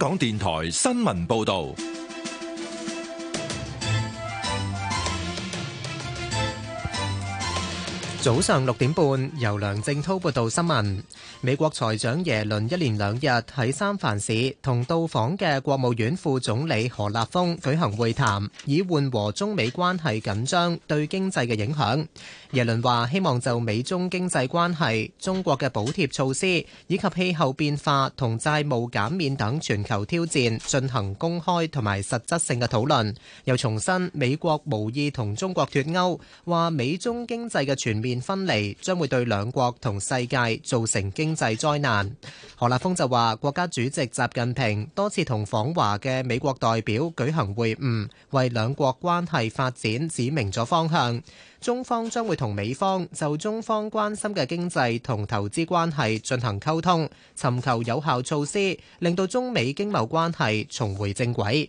香港電台新聞報道。早上六點半，由梁正濤報道新聞。美國財長耶倫一連兩日喺三藩市同到訪嘅國務院副總理何立峰舉行會談，以緩和中美關係緊張對經濟嘅影響。耶倫話希望就美中經濟關係、中國嘅補貼措施以及氣候變化同債務減免等全球挑戰進行公開同埋實質性嘅討論。又重申美國無意同中國脫鈎，話美中經濟嘅全面分離將會對兩國同世界造成經濟災難，何立峰就話國家主席習近平多次同訪華嘅美國代表舉行會晤，為兩國關係發展指明咗方向。中方將會同美方就中方關心嘅經濟同投資關係進行溝通，尋求有效措施，令到中美經貿關係重回正軌。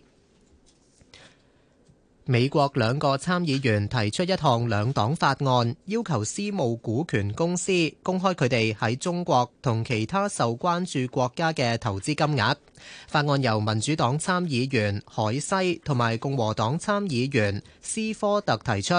美國兩個參議員提出一項兩黨法案，要求私募股權公司公開佢哋喺中國同其他受關注國家嘅投資金額。法案由民主黨參議員海西同埋共和黨參議員斯科特提出。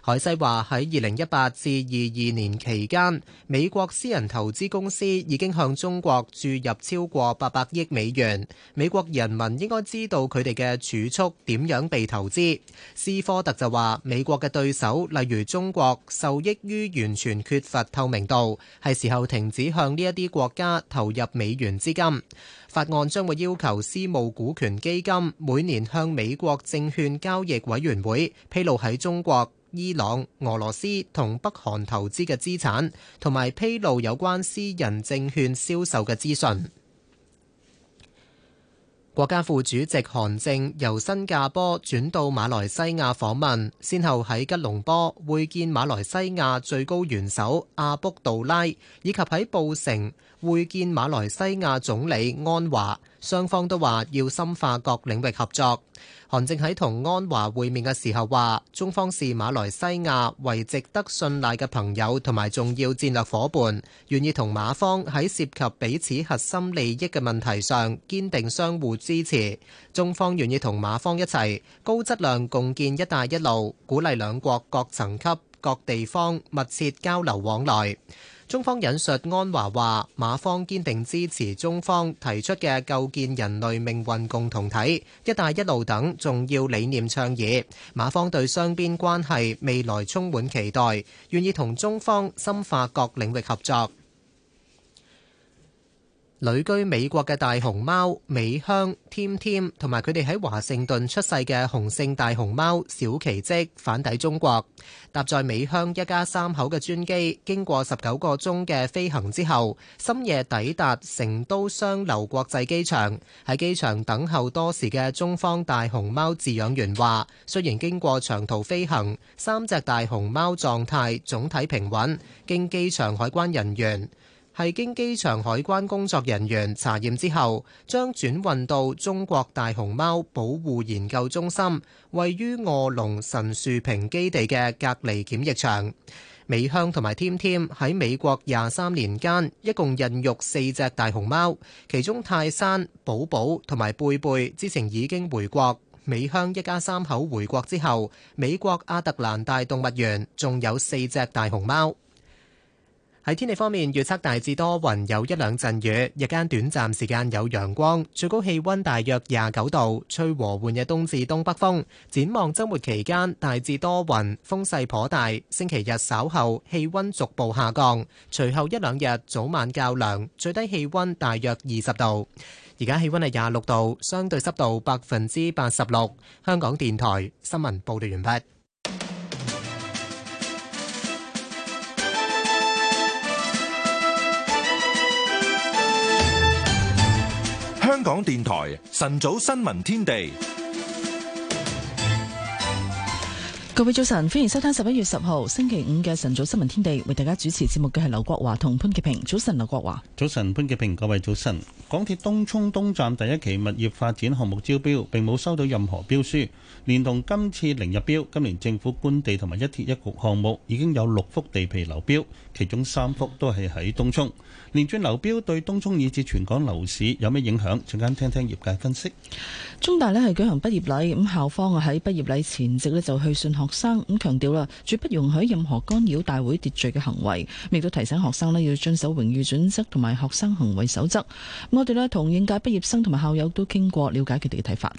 海西話喺二零一八至二二年期間，美國私人投資公司已經向中國注入超過八百億美元。美國人民應該知道佢哋嘅儲蓄點樣被投資。斯科特就話，美國嘅對手例如中國受益於完全缺乏透明度，係時候停止向呢一啲國家投入美元資金。法案將會要求私募股權基金每年向美國證券交易委員會披露喺中國、伊朗、俄羅斯同北韓投資嘅資產，同埋披露有關私人證券銷售嘅資訊。國家副主席韓正由新加坡轉到馬來西亞訪問，先後喺吉隆坡會見馬來西亞最高元首阿卜杜拉，以及喺布城會見馬來西亞總理安華，雙方都話要深化各領域合作。韓正喺同安華會面嘅時候話，中方視馬來西亞為值得信賴嘅朋友同埋重要戰略夥伴，願意同馬方喺涉及彼此核心利益嘅問題上堅定相互支持。中方願意同馬方一齊高質量共建「一帶一路」，鼓勵兩國各層級、各地方密切交流往來。中方引述安華話，馬方堅定支持中方提出嘅構建人類命運共同體、一帶一路等重要理念倡議，馬方對雙邊關係未來充滿期待，願意同中方深化各領域合作。旅居美國嘅大熊貓美香、添添同埋佢哋喺華盛頓出世嘅雄性大熊貓小奇蹟返抵中國，搭載美香一家三口嘅專機經過十九個鐘嘅飛行之後，深夜抵達成都雙流國際機場，喺機場等候多時嘅中方大熊貓飼養員話，雖然經過長途飛行，三隻大熊貓狀態總體平穩，經機場海關人員。係經機場海關工作人員查驗之後，將轉運到中國大熊貓保護研究中心，位於卧龍神樹坪基地嘅隔離檢疫場。美香同埋添添喺美國廿三年間一共孕育四隻大熊貓，其中泰山、寶寶同埋貝貝之前已經回國。美香一家三口回國之後，美國亞特蘭大動物園仲有四隻大熊貓。喺天氣方面，預測大致多雲，有一兩陣雨，日間短暫時間有陽光，最高氣溫大約廿九度，吹和緩嘅東至東北風。展望周末期間，大致多雲，風勢頗大。星期日稍後氣溫逐步下降，隨後一兩日早晚較涼，最低氣溫大約二十度。而家氣溫係廿六度，相對濕度百分之八十六。香港電台新聞報道完畢。港電台晨早新聞天地，各位早晨，歡迎收聽十一月十號星期五嘅晨早新聞天地，為大家主持節目嘅係劉國華同潘潔平。早晨，劉國華，早晨，潘潔平，各位早晨。港鐵東涌東站第一期物業發展項目招標，並冇收到任何標書。連同今次零入標，今年政府官地同埋一鐵一局項目已經有六幅地皮流標，其中三幅都係喺東涌。連串流標對東涌以至全港樓市有咩影響？陣間聽聽業界分析。中大呢係舉行畢業禮，咁校方啊喺畢業禮前夕呢就去信學生，咁強調啦，絕不容許任何干擾大會秩序嘅行為，亦都提醒學生呢要遵守榮譽準則同埋學生行為守則。我哋呢同應屆畢業生同埋校友都傾過，了解佢哋嘅睇法。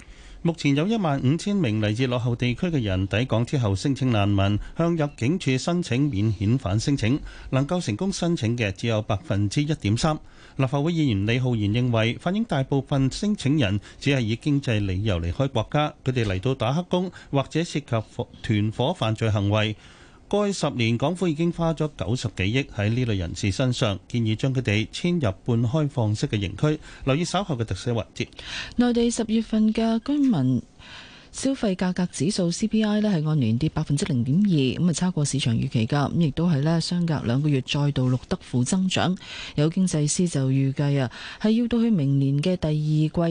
目前有一萬五千名嚟自落後地區嘅人抵港之後申請難民，向入境處申請免遣返申請，能夠成功申請嘅只有百分之一點三。立法會議員李浩然認為，反映大部分申請人只係以經濟理由離開國家，佢哋嚟到打黑工或者涉及團伙犯罪行為。過去十年，港府已經花咗九十幾億喺呢類人士身上，建議將佢哋遷入半開放式嘅營區。留意稍後嘅特寫環節。內地十月份嘅居民消費價格指數 CPI 咧，係按年跌百分之零點二，咁啊，超過市場預期㗎。咁亦都係呢相隔兩個月再度錄得負增長。有經濟師就預計啊，係要到去明年嘅第二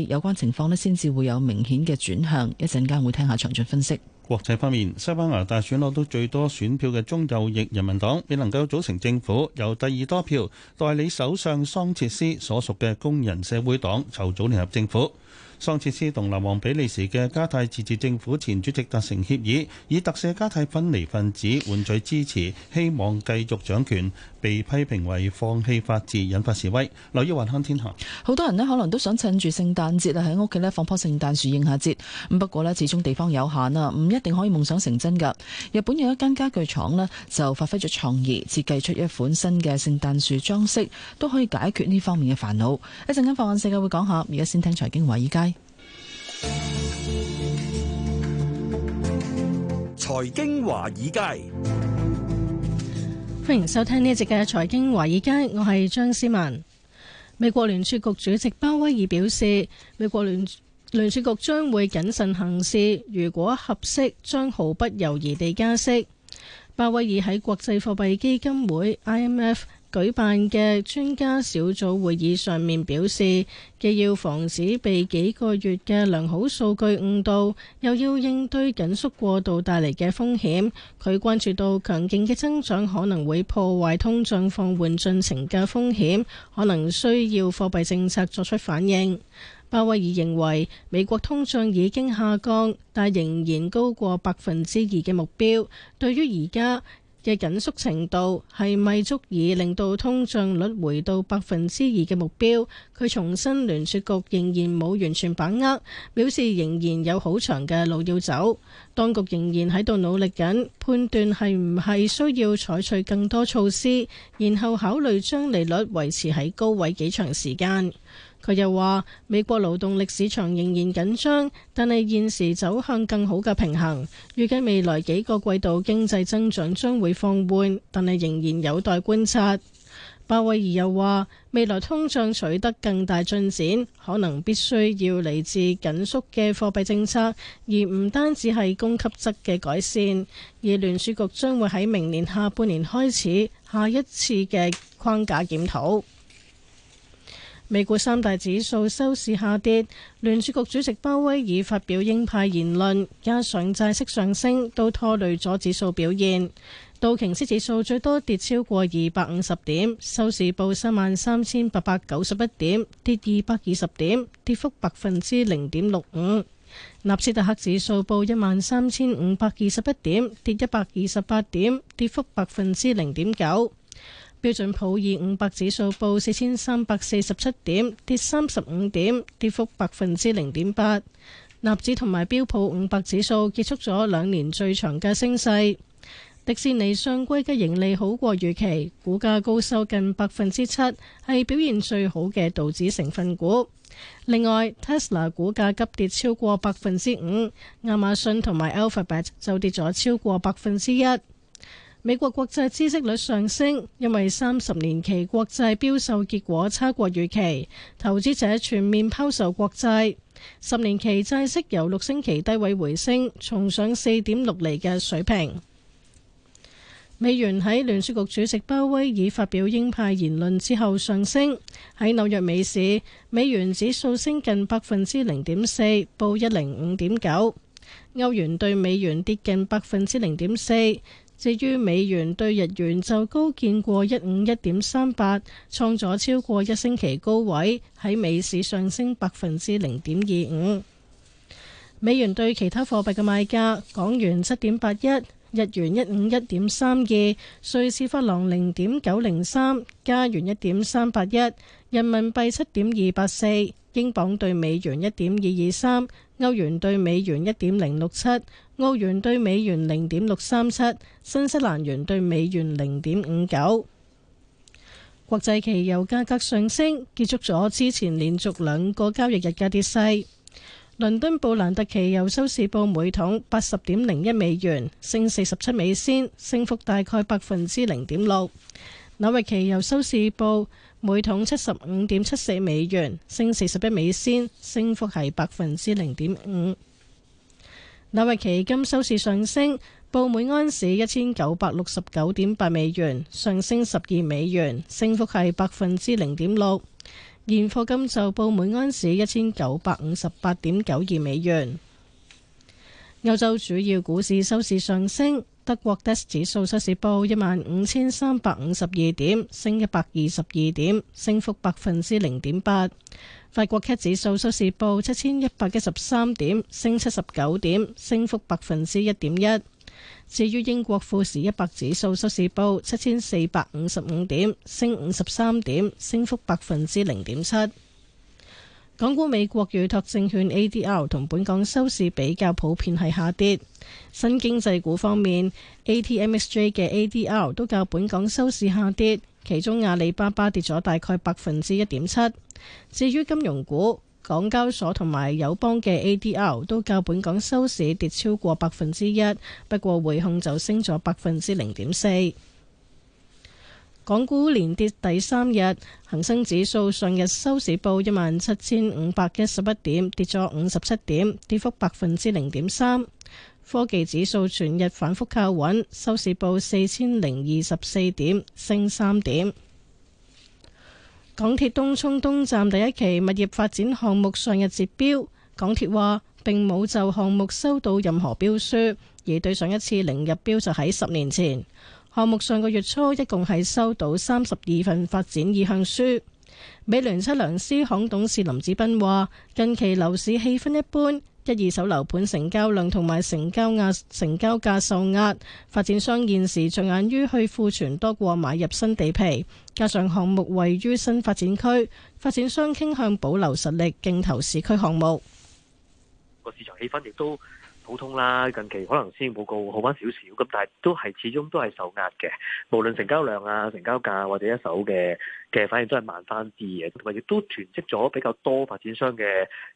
季有關情況呢，先至會有明顯嘅轉向。一陣間會聽下詳盡分析。國際方面，西班牙大選攞到最多選票嘅中右翼人民黨，未能夠組成政府；由第二多票代理首相桑切斯所屬嘅工人社會黨籌組聯合政府。桑切斯同流亡比利時嘅加泰自治政府前主席達成協議，以特赦加泰分離分子換取支持，希望繼續掌權，被批評為放棄法治，引發示威。留意雲看天下。好多人咧可能都想趁住聖誕節啊喺屋企咧放棵聖誕樹應下節，咁不過咧始終地方有限啊，唔一定可以夢想成真㗎。日本有一間家，家具廠咧就發揮咗創意，設計出一款新嘅聖誕樹裝飾，都可以解決呢方面嘅煩惱。一陣間放眼世界會講下，而家先聽財經話，而家。財經華爾街，歡迎收聽呢一節嘅財經華爾街。我係張思文。美國聯儲局主席鮑威爾表示，美國聯聯儲局將會謹慎行事，如果合適，將毫不猶豫地加息。鮑威爾喺國際貨幣基金會 （IMF） 舉辦嘅專家小組會議上面表示，既要防止被幾個月嘅良好數據誤導，又要應對緊縮過度帶嚟嘅風險。佢關注到強勁嘅增長可能會破壞通脹放緩進程嘅風險，可能需要貨幣政策作出反應。鮑威爾認為，美國通脹已經下降，但仍然高過百分之二嘅目標。對於而家嘅緊縮程度係咪足以令到通脹率回到百分之二嘅目標？佢重申聯儲局仍然冇完全把握，表示仍然有好長嘅路要走。當局仍然喺度努力緊，判斷係唔係需要採取更多措施，然後考慮將利率維持喺高位幾長時間。佢又話：美國勞動力市場仍然緊張，但係現時走向更好嘅平衡。預計未來幾個季度經濟增長將會放緩，但係仍然有待觀察。鮑威爾又話：未來通脹取得更大進展，可能必須要嚟自緊縮嘅貨幣政策，而唔單止係供給側嘅改善。而聯儲局將會喺明年下半年開始下一次嘅框架檢討。美股三大指數收市下跌，聯儲局主席鮑威爾發表鷹派言論，加上債息上升都拖累咗指數表現。道瓊斯指數最多跌超過二百五十點，收市報三萬三千八百九十一點，跌二百二十點，跌幅百分之零點六五。納斯達克指數報一萬三千五百二十一點，跌一百二十八點，跌幅百分之零點九。標準普爾五百指數報四千三百四十七點，跌三十五點，跌幅百分之零點八。納指同埋標普五百指數結束咗兩年最長嘅升勢。迪士尼上季嘅盈利好過預期，股價高收近百分之七，係表現最好嘅道指成分股。另外，Tesla 股價急跌超過百分之五，亞馬遜同埋 Alphabet 就跌咗超過百分之一。美國國債孳息率上升，因為三十年期國債標售結果差過預期，投資者全面拋售國債。十年期債息由六星期低位回升，重上四點六厘嘅水平。美元喺聯儲局主席鮑威爾發表鷹派言論之後上升。喺紐約美市，美元指數升近百分之零點四，報一零五點九。歐元對美元跌近百分之零點四。至於美元對日元就高見過一五一點三八，創咗超過一星期高位，喺美市上升百分之零點二五。美元對其他貨幣嘅賣價：港元七點八一，日元一五一點三二，瑞士法郎零點九零三，加元一點三八一，人民幣七點二八四，英鎊對美元一點二二三，歐元對美元一點零六七。澳元兌美元零點六三七，新西蘭元兌美元零點五九。國際期油價格上升，結束咗之前連續兩個交易日嘅跌勢。倫敦布蘭特期油收市報每桶八十點零一美元，升四十七美仙，升幅大概百分之零點六。紐約期油收市報每桶七十五點七四美元，升四十一美仙，升幅係百分之零點五。那紐約期金收市上升，報每盎司一千九百六十九點八美元，上升十二美元，升幅係百分之零點六。現貨金就報每盎司一千九百五十八點九二美元。歐洲主要股市收市上升，德國 DAX 指數收市報一萬五千三百五十二點，升一百二十二點，升幅百分之零點八。法國 CAC 指數收市報七千一百一十三點，升七十九點，升幅百分之一點一。至於英國富時一百指數收市報七千四百五十五點，升五十三點，升幅百分之零點七。港股美國預託證券 A D R 同本港收市比較普遍係下跌。新經濟股方面，A T M X J 嘅 A D R 都較本港收市下跌，其中阿里巴巴跌咗大概百分之一點七。至於金融股，港交所同埋友邦嘅 ADR 都較本港收市跌超過百分之一，不過匯控就升咗百分之零點四。港股連跌第三日，恆生指數上日收市報一萬七千五百一十一點，跌咗五十七點，跌幅百分之零點三。科技指數全日反覆靠穩，收市報四千零二十四點，升三點。港鐵東涌東站第一期物業發展項目上日截標，港鐵話並冇就項目收到任何標書，而對上一次零入標就喺十年前。項目上個月初一共係收到三十二份發展意向書。美聯七良司行董事林子斌話：近期樓市氣氛一般。一二手樓盤成交量同埋成交額、成交價受壓，發展商現時着眼於去庫存多過買入新地皮，加上項目位於新發展區，發展商傾向保留實力，競投市區項目。個市場氣氛亦都普通啦，近期可能先冇高，好返少少咁，但係都係始終都係受壓嘅，無論成交量啊、成交價或者一手嘅。嘅反而都係慢翻啲嘅，同埋亦都囤積咗比較多發展商嘅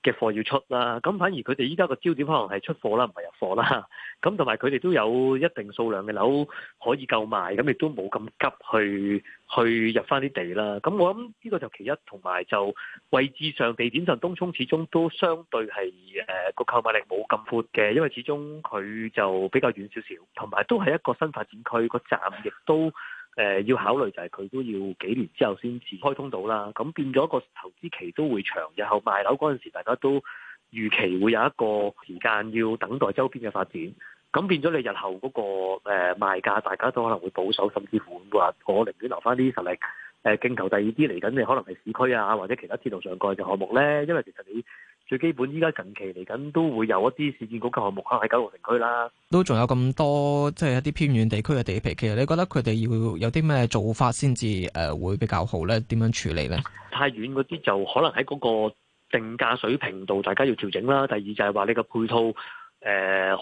嘅貨要出啦。咁反而佢哋依家個焦點可能係出貨啦，唔係入貨啦。咁同埋佢哋都有一定數量嘅樓可以夠賣，咁亦都冇咁急去去入翻啲地啦。咁我諗呢個就其一，同埋就位置上地點上東涌始終都相對係誒個購買力冇咁闊嘅，因為始終佢就比較遠少少，同埋都係一個新發展區，個站亦都。誒，要考慮就係佢都要幾年之後先至開通到啦，咁變咗個投資期都會長。日後賣樓嗰陣時，大家都預期會有一個時間要等待周邊嘅發展，咁變咗你日後嗰個誒賣價，大家都可能會保守，甚至乎話我寧願留翻啲實力誒，競投第二啲嚟緊，你可能係市區啊，或者其他鐵路上蓋嘅項目呢，因為其實你。最基本，依家近期嚟緊都會有一啲市建局項目喺九龍城區啦。都仲有咁多，即係一啲偏遠地區嘅地皮。其實你覺得佢哋要有啲咩做法先至誒會比較好咧？點樣處理咧？太遠嗰啲就可能喺嗰個定價水平度大家要調整啦。第二就係話你個配套誒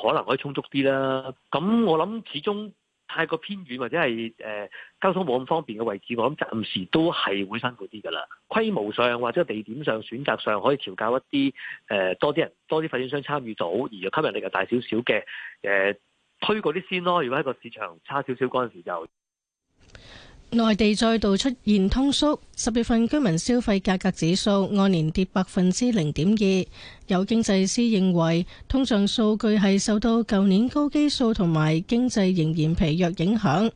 可能可以充足啲啦。咁我諗始終。太過偏遠或者係誒交通冇咁方便嘅位置，我諗暫時都係會辛苦啲㗎啦。規模上或者地點上、選擇上可以調教一啲誒、呃、多啲人多啲發展商參與到，而又吸引力又大少少嘅誒推嗰啲先咯。如果喺個市場差少少嗰陣時就。內地再度出現通縮，十月份居民消費價格指數按年跌百分之零點二。有經濟師認為，通脹數據係受到舊年高基數同埋經濟仍然疲弱影響，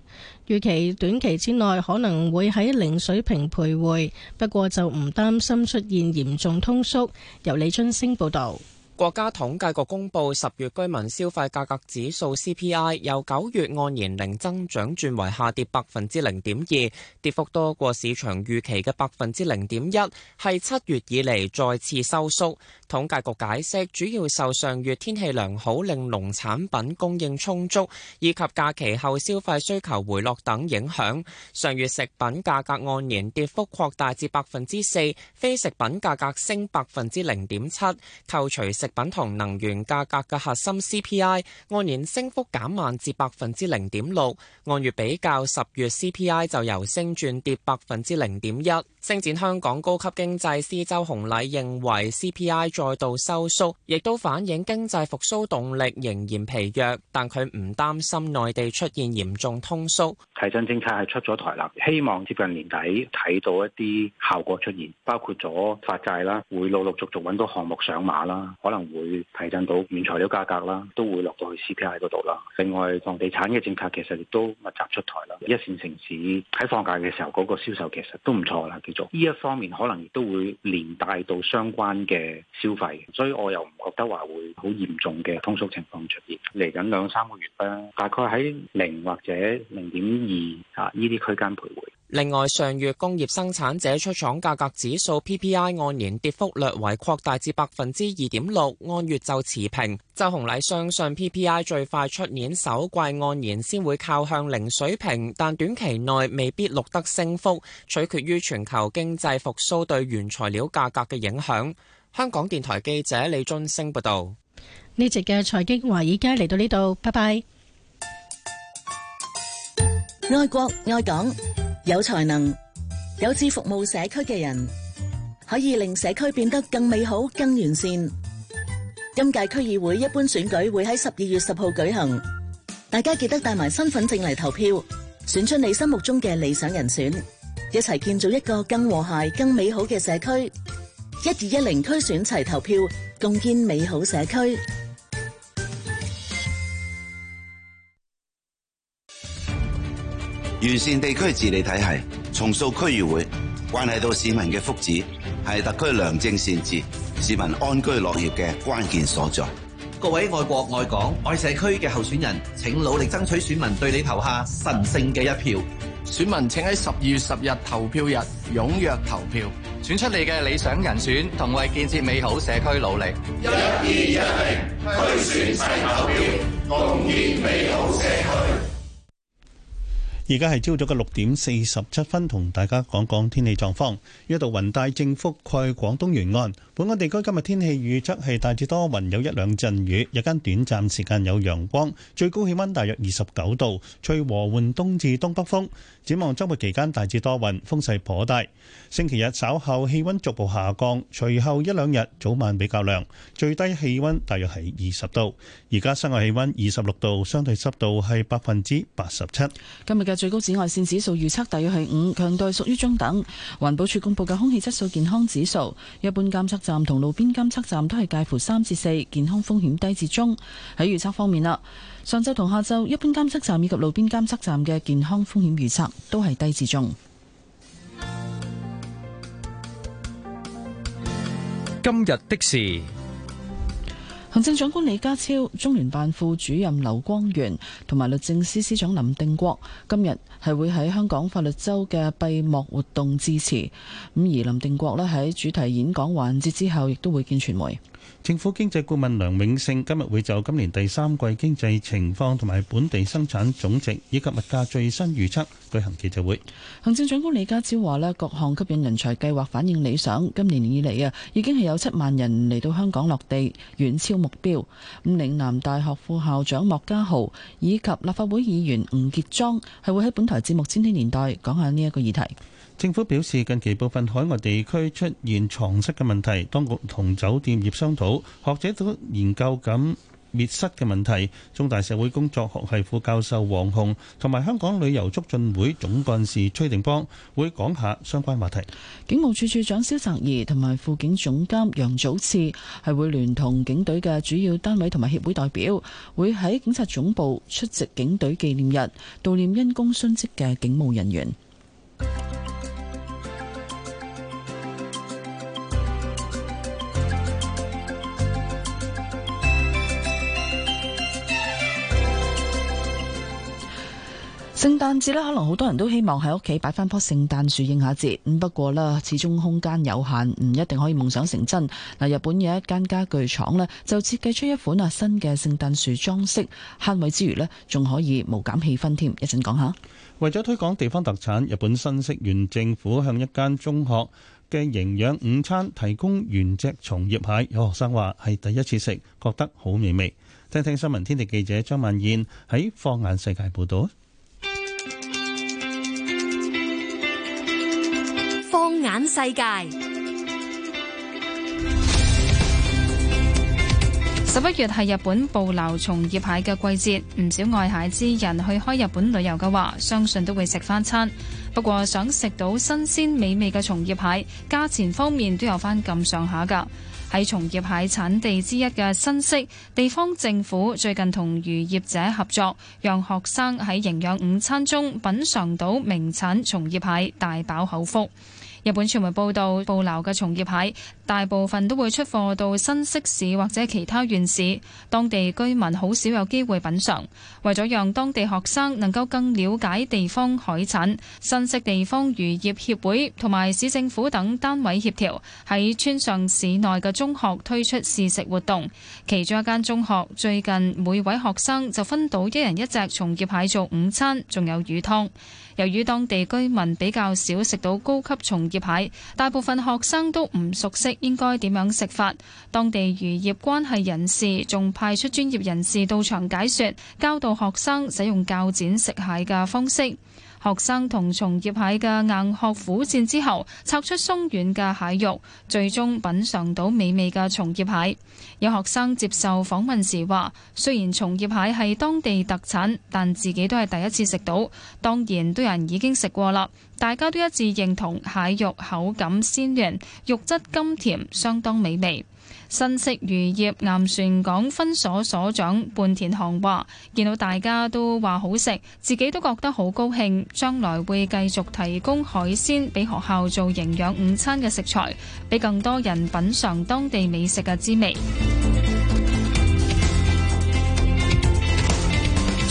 預期短期之內可能會喺零水平徘徊。不過就唔擔心出現嚴重通縮。由李春星報道。國家統計局公布十月居民消費價格指數 CPI，由九月按年零增長轉為下跌百分之零點二，跌幅多過市場預期嘅百分之零點一，係七月以嚟再次收縮。統計局解釋，主要受上月天氣良好令農產品供應充足，以及假期後消費需求回落等影響。上月食品價格按年跌幅擴大至百分之四，非食品價格升百分之零點七，扣除食品同能源價格嘅核心 CPI 按年升幅減慢至百分之零點六，按月比較十月 CPI 就由升轉跌百分之零點一。升展香港高級經濟師周雄禮認為 CPI 再度收縮，亦都反映經濟復甦動力仍然疲弱。但佢唔擔心內地出現嚴重通縮。提振政策係出咗台啦，希望接近年底睇到一啲效果出現，包括咗發債啦，會陸陸,陸續續揾到項目上馬啦，可能會提振到原材料價格啦，都會落到去 CPI 嗰度啦。另外，房地產嘅政策其實亦都密集出台啦。一線城市喺放假嘅時候嗰個銷售其實都唔錯啦。呢一方面可能亦都會連帶到相關嘅消費，所以我又唔覺得話會好嚴重嘅通縮情況出現。嚟緊兩三個月啦，大概喺零或者零點二啊，呢啲區間徘徊。另外，上月工業生產者出廠價格指數 PPI 按年跌幅略為擴大至百分之二點六，按月就持平。周洪禮相信 PPI 最快出年首季按年先會靠向零水平，但短期內未必錄得升幅，取決於全球經濟復甦對原材料價格嘅影響。香港電台記者李俊升報道：「呢集嘅財經華爾街嚟到呢度，拜拜。愛國愛港。有才能、有志服務社區嘅人，可以令社區變得更美好、更完善。今屆區議會一般選舉會喺十二月十號舉行，大家記得帶埋身份證嚟投票，選出你心目中嘅理想人選，一齊建造一個更和諧、更美好嘅社區。一二一零區選齊投票，共建美好社區。完善地區治理體系，重塑區議會，關係到市民嘅福祉，係特區良政善治、市民安居樂業嘅關鍵所在。各位愛國愛港愛社區嘅候選人，請努力爭取選民對你投下神聖嘅一票。選民請喺十二月十日投票日踴躍投票，選出你嘅理想人選，同為建設美好社區努力。一、二、一零區選齊心投票，共建美好社區。而家係朝早嘅六點四十七分，同大家講講天氣狀況。一道雲帶正覆蓋廣東沿岸，本港地區今日天氣預測係大致多雲，有一兩陣雨，日間短暫時間有陽光，最高氣温大約二十九度，吹和緩東至東北風。展望周末期間大致多雲，風勢頗大。星期日稍後氣温逐步下降，隨後一兩日早晚比較涼，最低氣温大約係二十度。而家室外氣温二十六度，相對濕度係百分之八十七。今日嘅最高紫外線指數預測大約係五，強度屬於中等。環保署公布嘅空氣質素健康指數，一般監測站同路邊監測站都係介乎三至四，健康風險低至中。喺預測方面啦。上晝同下晝，一般監測站以及路邊監測站嘅健康風險預測都係低至中。今日的事，行政長官李家超、中聯辦副主任劉光源同埋律政司司長林定國今日係會喺香港法律週嘅閉幕活動致辭。咁而林定國呢喺主題演講環節之後，亦都會見傳媒。政府經濟顧問梁永勝今日會就今年第三季經濟情況同埋本地生產總值以及物價最新預測舉行記者會。行政長官李家超話咧，各項吸引人才計劃反應理想，今年以嚟啊已經係有七萬人嚟到香港落地，遠超目標。咁嶺南大學副校長莫家豪以及立法會議員吳傑莊係會喺本台節目《千禧年代》講下呢一個議題。政府表示，近期部分海外地區出現藏蝨嘅問題，當局同酒店業商討，學者都研究緊滅蝨嘅問題。中大社會工作學系副教授黃洪同埋香港旅遊促進會總幹事崔定邦會講下相關話題。警務處處長蕭澤頤同埋輔警總監楊祖次係會聯同警隊嘅主要單位同埋協會代表，會喺警察總部出席警隊紀念日悼念因公殉職嘅警務人員。聖誕節咧，可能好多人都希望喺屋企擺翻棵聖誕樹應下節。咁不過咧，始終空間有限，唔一定可以夢想成真。嗱，日本有一間家，家具廠咧就設計出一款啊新嘅聖誕樹裝飾，慳位之餘咧，仲可以無減氣氛添。一陣講一下。為咗推廣地方特產，日本新潟縣政府向一間中學嘅營養午餐提供原隻松葉蟹。有學生話係第一次食，覺得好美味。聽聽新聞天地記者張曼燕喺放眼世界報導。世界十一月係日本捕撈松葉蟹嘅季節，唔少愛蟹之人去開日本旅遊嘅話，相信都會食返餐。不過想食到新鮮美味嘅松葉蟹，價錢方面都有返咁上下㗎。喺松葉蟹產地之一嘅新潟地方政府最近同漁業者合作，讓學生喺營養午餐中品嘗到名產松葉蟹，大飽口福。日本傳媒報道，捕撈嘅松葉蟹大部分都會出貨到新潟市或者其他縣市，當地居民好少有機會品嚐。為咗讓當地學生能夠更了解地方海產，新潟地方漁業協會同埋市政府等單位協調，喺村上市內嘅中學推出試食活動。其中一間中學最近每位學生就分到一人一隻松葉蟹做午餐，仲有魚湯。由於當地居民比較少食到高級松葉蟹，大部分學生都唔熟悉應該點樣食法。當地漁業關係人士仲派出專業人士到場解說，教導學生使用鉸剪食蟹嘅方式。學生同松葉蟹嘅硬殼苦戰之後，拆出鬆軟嘅蟹肉，最終品嘗到美味嘅松葉蟹。有學生接受訪問時話，雖然松葉蟹係當地特產，但自己都係第一次食到。當然，都有人已經食過啦，大家都一致認同蟹肉口感鮮嫩，肉質甘甜，相當美味。新式漁業岩船港分所所長半田航話：見到大家都話好食，自己都覺得好高興，將來會繼續提供海鮮俾學校做營養午餐嘅食材，俾更多人品嘗當地美食嘅滋味。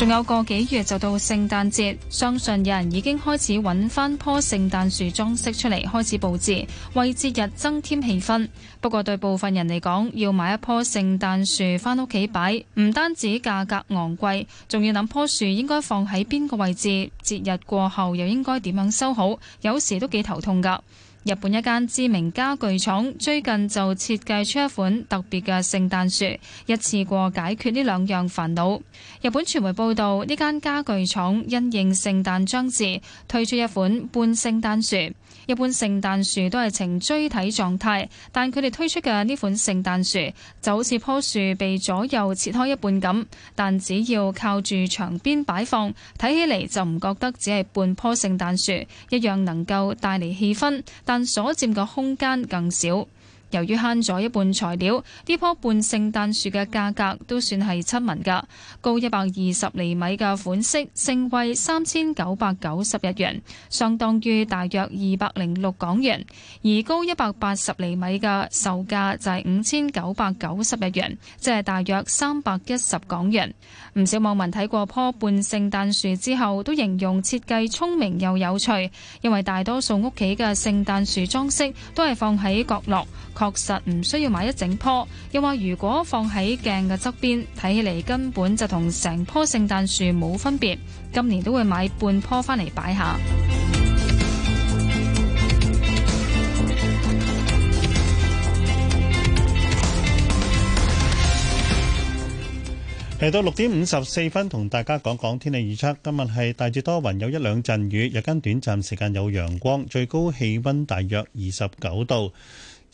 仲有個幾月就到聖誕節，相信有人已經開始揾翻棵聖誕樹裝飾出嚟，開始佈置，為節日增添氣氛。不過對部分人嚟講，要買一棵聖誕樹返屋企擺，唔單止價格昂貴，仲要諗棵樹應該放喺邊個位置，節日過後又應該點樣收好，有時都幾頭痛㗎。日本一間知名家具廠最近就設計出一款特別嘅聖誕樹，一次過解決呢兩樣煩惱。日本傳媒報道，呢間家具廠因應聖誕將至，推出一款半聖誕樹。一般聖誕樹都係呈錐體狀態，但佢哋推出嘅呢款聖誕樹就好似棵樹被左右切開一半咁，但只要靠住牆邊擺放，睇起嚟就唔覺得只係半棵聖誕樹，一樣能夠帶嚟氣氛，但所佔嘅空間更少。由於慳咗一半材料，呢棵半聖誕樹嘅價格都算係親民㗎。高一百二十厘米嘅款式，正價三千九百九十日元，相當於大約二百零六港元；而高一百八十厘米嘅售價就係五千九百九十日元，即係大約三百一十港元。唔少網民睇過棵半聖誕樹之後，都形容設計聰明又有趣，因為大多數屋企嘅聖誕樹裝飾都係放喺角落。確實唔需要買一整棵，又話如果放喺鏡嘅側邊，睇起嚟根本就同成棵聖誕樹冇分別。今年都會買半棵翻嚟擺下。嚟到六點五十四分，同大家講講天氣預測。今日係大致多雲，有一兩陣雨，日間短暫時間有陽光，最高氣溫大約二十九度。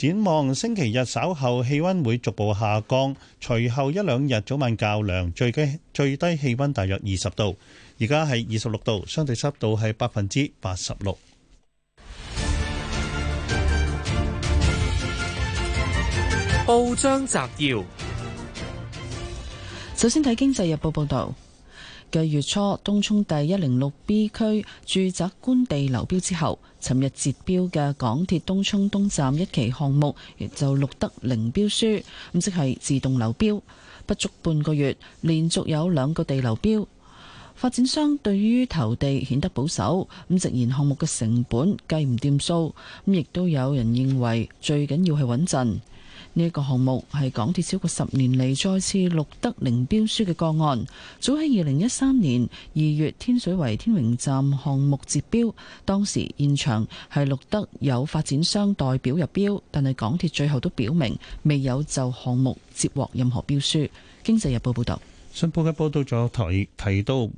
展望星期日稍後，氣溫會逐步下降，隨後一兩日早晚較涼，最低最低氣溫大約二十度。而家係二十六度，相對濕度係百分之八十六。報章摘要：首先睇《經濟日報》報道，繼月初東涌第一零六 B 區住宅官地流標之後。尋日截標嘅港鐵東涌東站一期項目，亦就錄得零標書，咁即係自動流標。不足半個月，連續有兩個地流標，發展商對於投地顯得保守。咁直言項目嘅成本計唔掂數，咁亦都有人認為最緊要係穩陣。呢一個項目係港鐵超過十年嚟，再次錄得零標書嘅個案。早喺二零一三年二月，天水圍天榮站項目截標，當時現場係錄得有發展商代表入標，但係港鐵最後都表明未有就項目接獲任何標書。經濟日報報道，信報嘅報道咗提提到。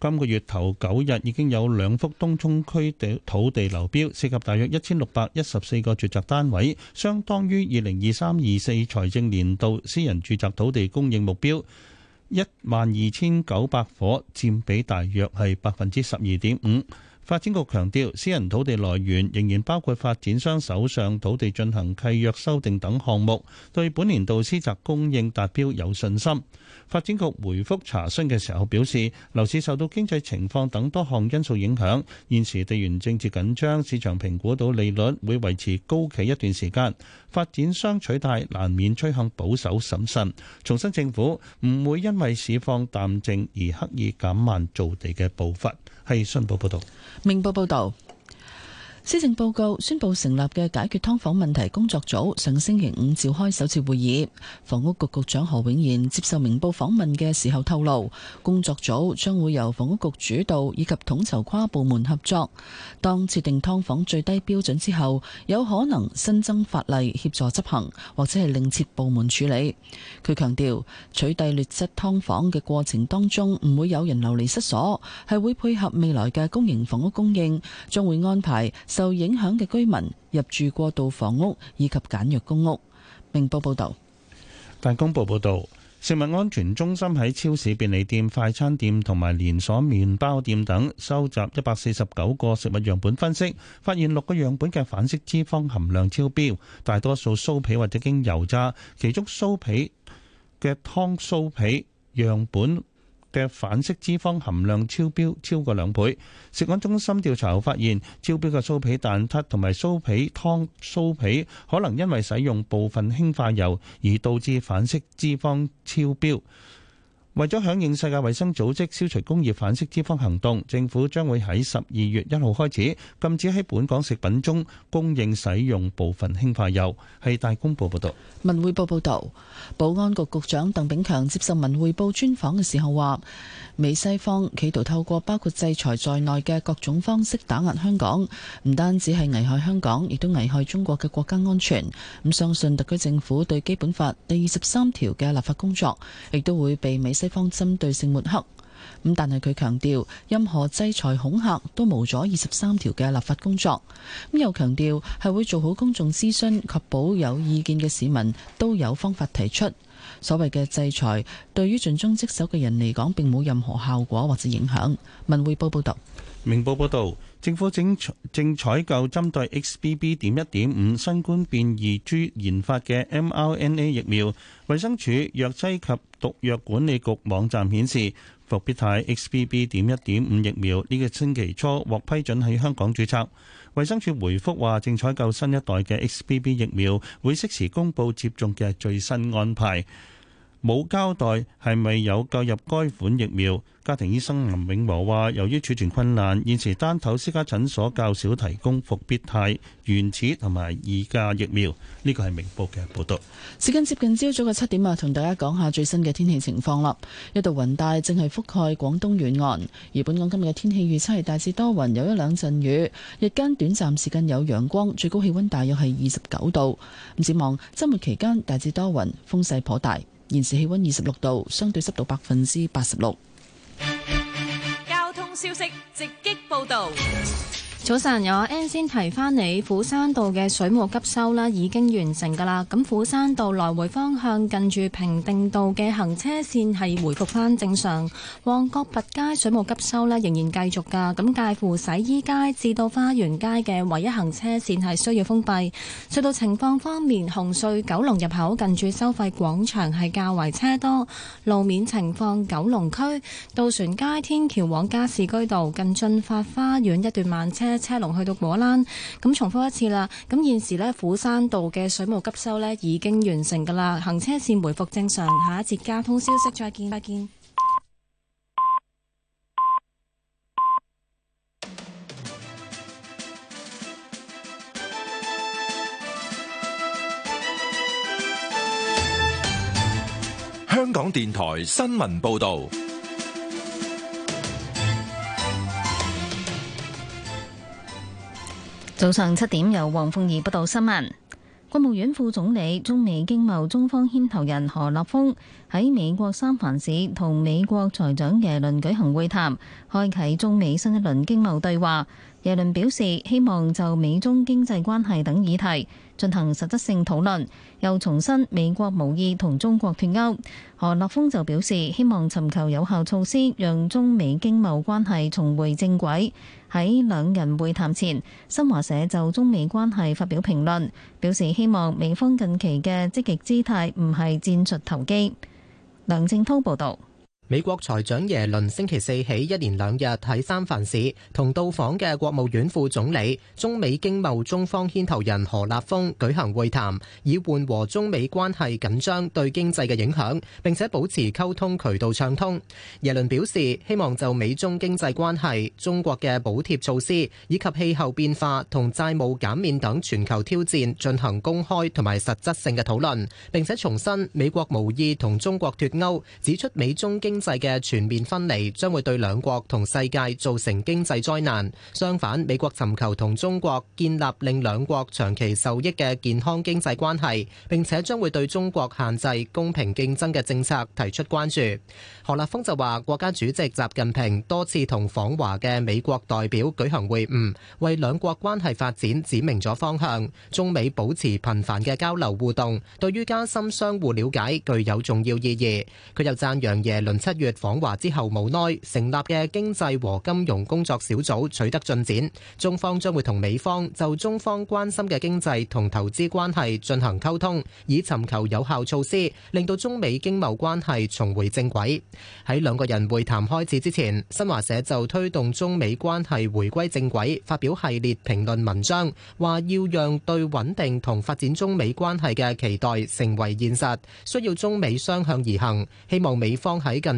今個月頭九日已經有兩幅東涌區地土地流標，涉及大約一千六百一十四個住宅單位，相當於二零二三二四財政年度私人住宅土地供應目標一萬二千九百伙，佔比大約係百分之十二點五。發展局強調，私人土地來源仍然包括發展商手上土地進行契約修訂等項目，對本年度私宅供應達標有信心。發展局回覆查詢嘅時候表示，樓市受到經濟情況等多項因素影響，現時地緣政治緊張，市場評估到利率會維持高企一段時間。發展商取貸難免趨向保守審慎，重申政府唔會因為市況淡靜而刻意減慢造地嘅步伐。係信報報道，明報報道。施政報告宣布成立嘅解決劏房問題工作組，上星期五召開首次會議。房屋局局長何永賢接受明報訪問嘅時候透露，工作組將會由房屋局主導以及統籌跨部門合作。當設定劏房最低標準之後，有可能新增法例協助執行，或者係另設部門處理。佢強調，取締劣質㓥房嘅過程當中唔會有人流離失所，係會配合未來嘅公營房屋供應，將會安排受影響嘅居民入住過渡房屋以及簡約公屋。明報報道。大公報報道，食物安全中心喺超市、便利店、快餐店同埋連鎖麵包店等收集一百四十九個食物樣本分析，發現六個樣本嘅反式脂肪含量超標，大多數酥皮或者經油炸，其中酥皮嘅湯酥皮樣本嘅反式脂肪含量超標超過兩倍，食安中心調查後發現，超標嘅酥皮蛋撻同埋酥皮湯酥皮，可能因為使用部分氫化油而導致反式脂肪超標。為咗響應世界衛生組織消除工業反式脂肪行動，政府將會喺十二月一號開始禁止喺本港食品中供應使用部分氫化油。係大公報報道，文匯報報道，保安局局長鄧炳強接受文匯報專訪嘅時候話，美西方企圖透過包括制裁在內嘅各種方式打壓香港，唔單止係危害香港，亦都危害中國嘅國家安全。咁相信特區政府對《基本法》第二十三條嘅立法工作，亦都會被美西。方針對性抹黑咁，但係佢強調任何制裁恐嚇都無阻二十三條嘅立法工作。咁又強調係會做好公眾諮詢，確保有意見嘅市民都有方法提出。所謂嘅制裁，對於盡忠職守嘅人嚟講並冇任何效果或者影響。文匯報報道。明報報導。政府正正採購針對 XBB. 點一點五新冠變異株研發嘅 mRNA 疫苗。衛生署藥劑及毒藥管理局網站顯示，復必泰 XBB. 點一點五疫苗呢個星期初獲批准喺香港注冊，衛生署回覆話正採購新一代嘅 XBB 疫苗，會適時公布接種嘅最新安排。冇交代係咪有購入該款疫苗？家庭醫生林永和話，由於儲存困難，現時單頭私家診所較少提供伏必泰原始同埋二價疫苗。呢個係明報嘅報道。時間接近朝早嘅七點啊，同大家講下最新嘅天氣情況啦。一道雲帶正係覆蓋廣東沿岸，而本港今日嘅天氣預測係大致多雲，有一兩陣雨，日間短暫時間有陽光，最高氣溫大約係二十九度。咁展望周末期間大致多雲，風勢頗大。現時氣溫二十六度，相對濕度百分之八十六。交通消息直擊報道。早晨，有阿 N 先提翻你虎山道嘅水務急修啦，已經完成噶啦。咁虎山道來回方向近住平定道嘅行車線係回復翻正常。旺角拔街水務急修咧仍然繼續，噶。咁介乎洗衣街至到花園街嘅唯一行車線係需要封閉。隧道情況方面，紅隧九龍入口近住收費廣場係較為車多。路面情況，九龍區渡船街天橋往加士居道近駿發花園一段慢車。車龍去到果欄，咁重複一次啦。咁現時呢，虎山道嘅水務急修呢已經完成噶啦，行車線回復正常。下一節交通消息再見，再見。香港電台新聞報道。早上七點有，由黃鳳儀報道新聞。國務院副總理、中美經貿中方牽頭人何立峰喺美國三藩市同美國財長耶倫舉行會談，開啟中美新一輪經貿對話。耶倫表示希望就美中經濟關係等議題進行實質性討論，又重申美國無意同中國脫鈎。何立峰就表示希望尋求有效措施，讓中美經貿關係重回正軌。喺兩人會談前，新華社就中美關係發表評論，表示希望美方近期嘅積極姿態唔係戰術投機。梁正滔報導。美國財長耶倫星期四起一連兩日喺三藩市同到訪嘅國務院副總理、中美經貿中方牽頭人何立峰舉行會談，以緩和中美關係緊張對經濟嘅影響，並且保持溝通渠道暢通。耶倫表示希望就美中經濟關係、中國嘅補貼措施以及氣候變化同債務減免等全球挑戰進行公開同埋實質性嘅討論，並且重申美國無意同中國脱歐，指出美中經世嘅全面分離將會對兩國同世界造成經濟災難。相反，美國尋求同中國建立令兩國長期受益嘅健康經濟關係，並且將會對中國限制公平競爭嘅政策提出關注。何立峯就話：國家主席習近平多次同訪華嘅美國代表舉行會晤，為兩國關係發展指明咗方向。中美保持頻繁嘅交流互動，對於加深相互瞭解具有重要意義。佢又讚揚耶倫。七月訪華之後無奈成立嘅經濟和金融工作小組取得進展，中方將會同美方就中方關心嘅經濟同投資關係進行溝通，以尋求有效措施，令到中美經貿關係重回正軌。喺兩個人會談開始之前，新華社就推動中美關係回歸正軌發表系列評論文章，話要讓對穩定同發展中美關係嘅期待成為現實，需要中美雙向而行。希望美方喺近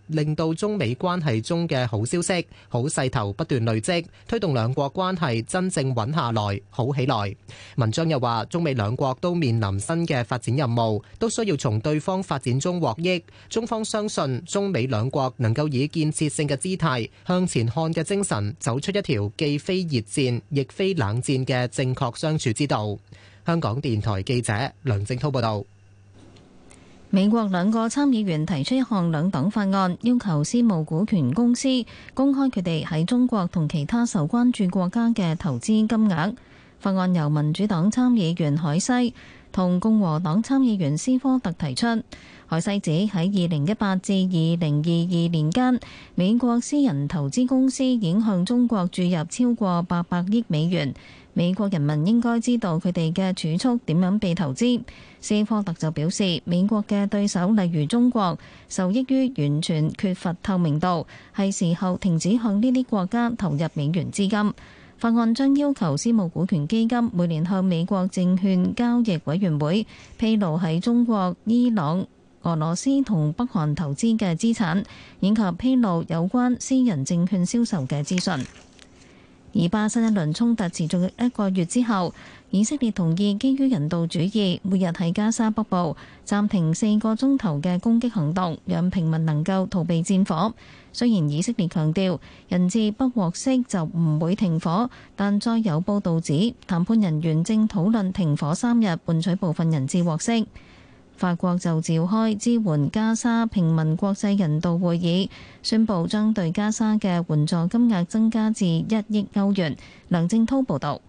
令到中美關係中嘅好消息、好勢頭不斷累積，推動兩國關係真正穩下來、好起來。文章又話，中美兩國都面臨新嘅發展任務，都需要從對方發展中獲益。中方相信，中美兩國能夠以建設性嘅姿態、向前看嘅精神，走出一條既非熱戰亦非冷戰嘅正確相處之道。香港電台記者梁正滔報道。美國兩個參議員提出一項兩黨法案，要求私募股權公司公開佢哋喺中國同其他受關注國家嘅投資金額。法案由民主黨參議員海西同共和黨參議員斯科特提出。海西指喺二零一八至二零二二年間，美國私人投資公司已經向中國注入超過八百億美元。美國人民應該知道佢哋嘅儲蓄點樣被投資。斯科特就表示，美國嘅對手，例如中國，受益於完全缺乏透明度，係時候停止向呢啲國家投入美元資金。法案將要求私募股權基金每年向美國證券交易委員會披露喺中國、伊朗、俄羅斯同北韓投資嘅資產，以及披露有關私人證券銷售嘅資訊。以巴新一輪衝突持續一個月之後，以色列同意基於人道主義，每日喺加沙北部暫停四個鐘頭嘅攻擊行動，讓平民能夠逃避戰火。雖然以色列強調人質不獲釋就唔會停火，但再有報道指，談判人員正討論停火三日，換取部分人質獲釋。法國就召開支援加沙平民國際人道會議，宣佈將對加沙嘅援助金額增加至一億歐元。梁正滔報導。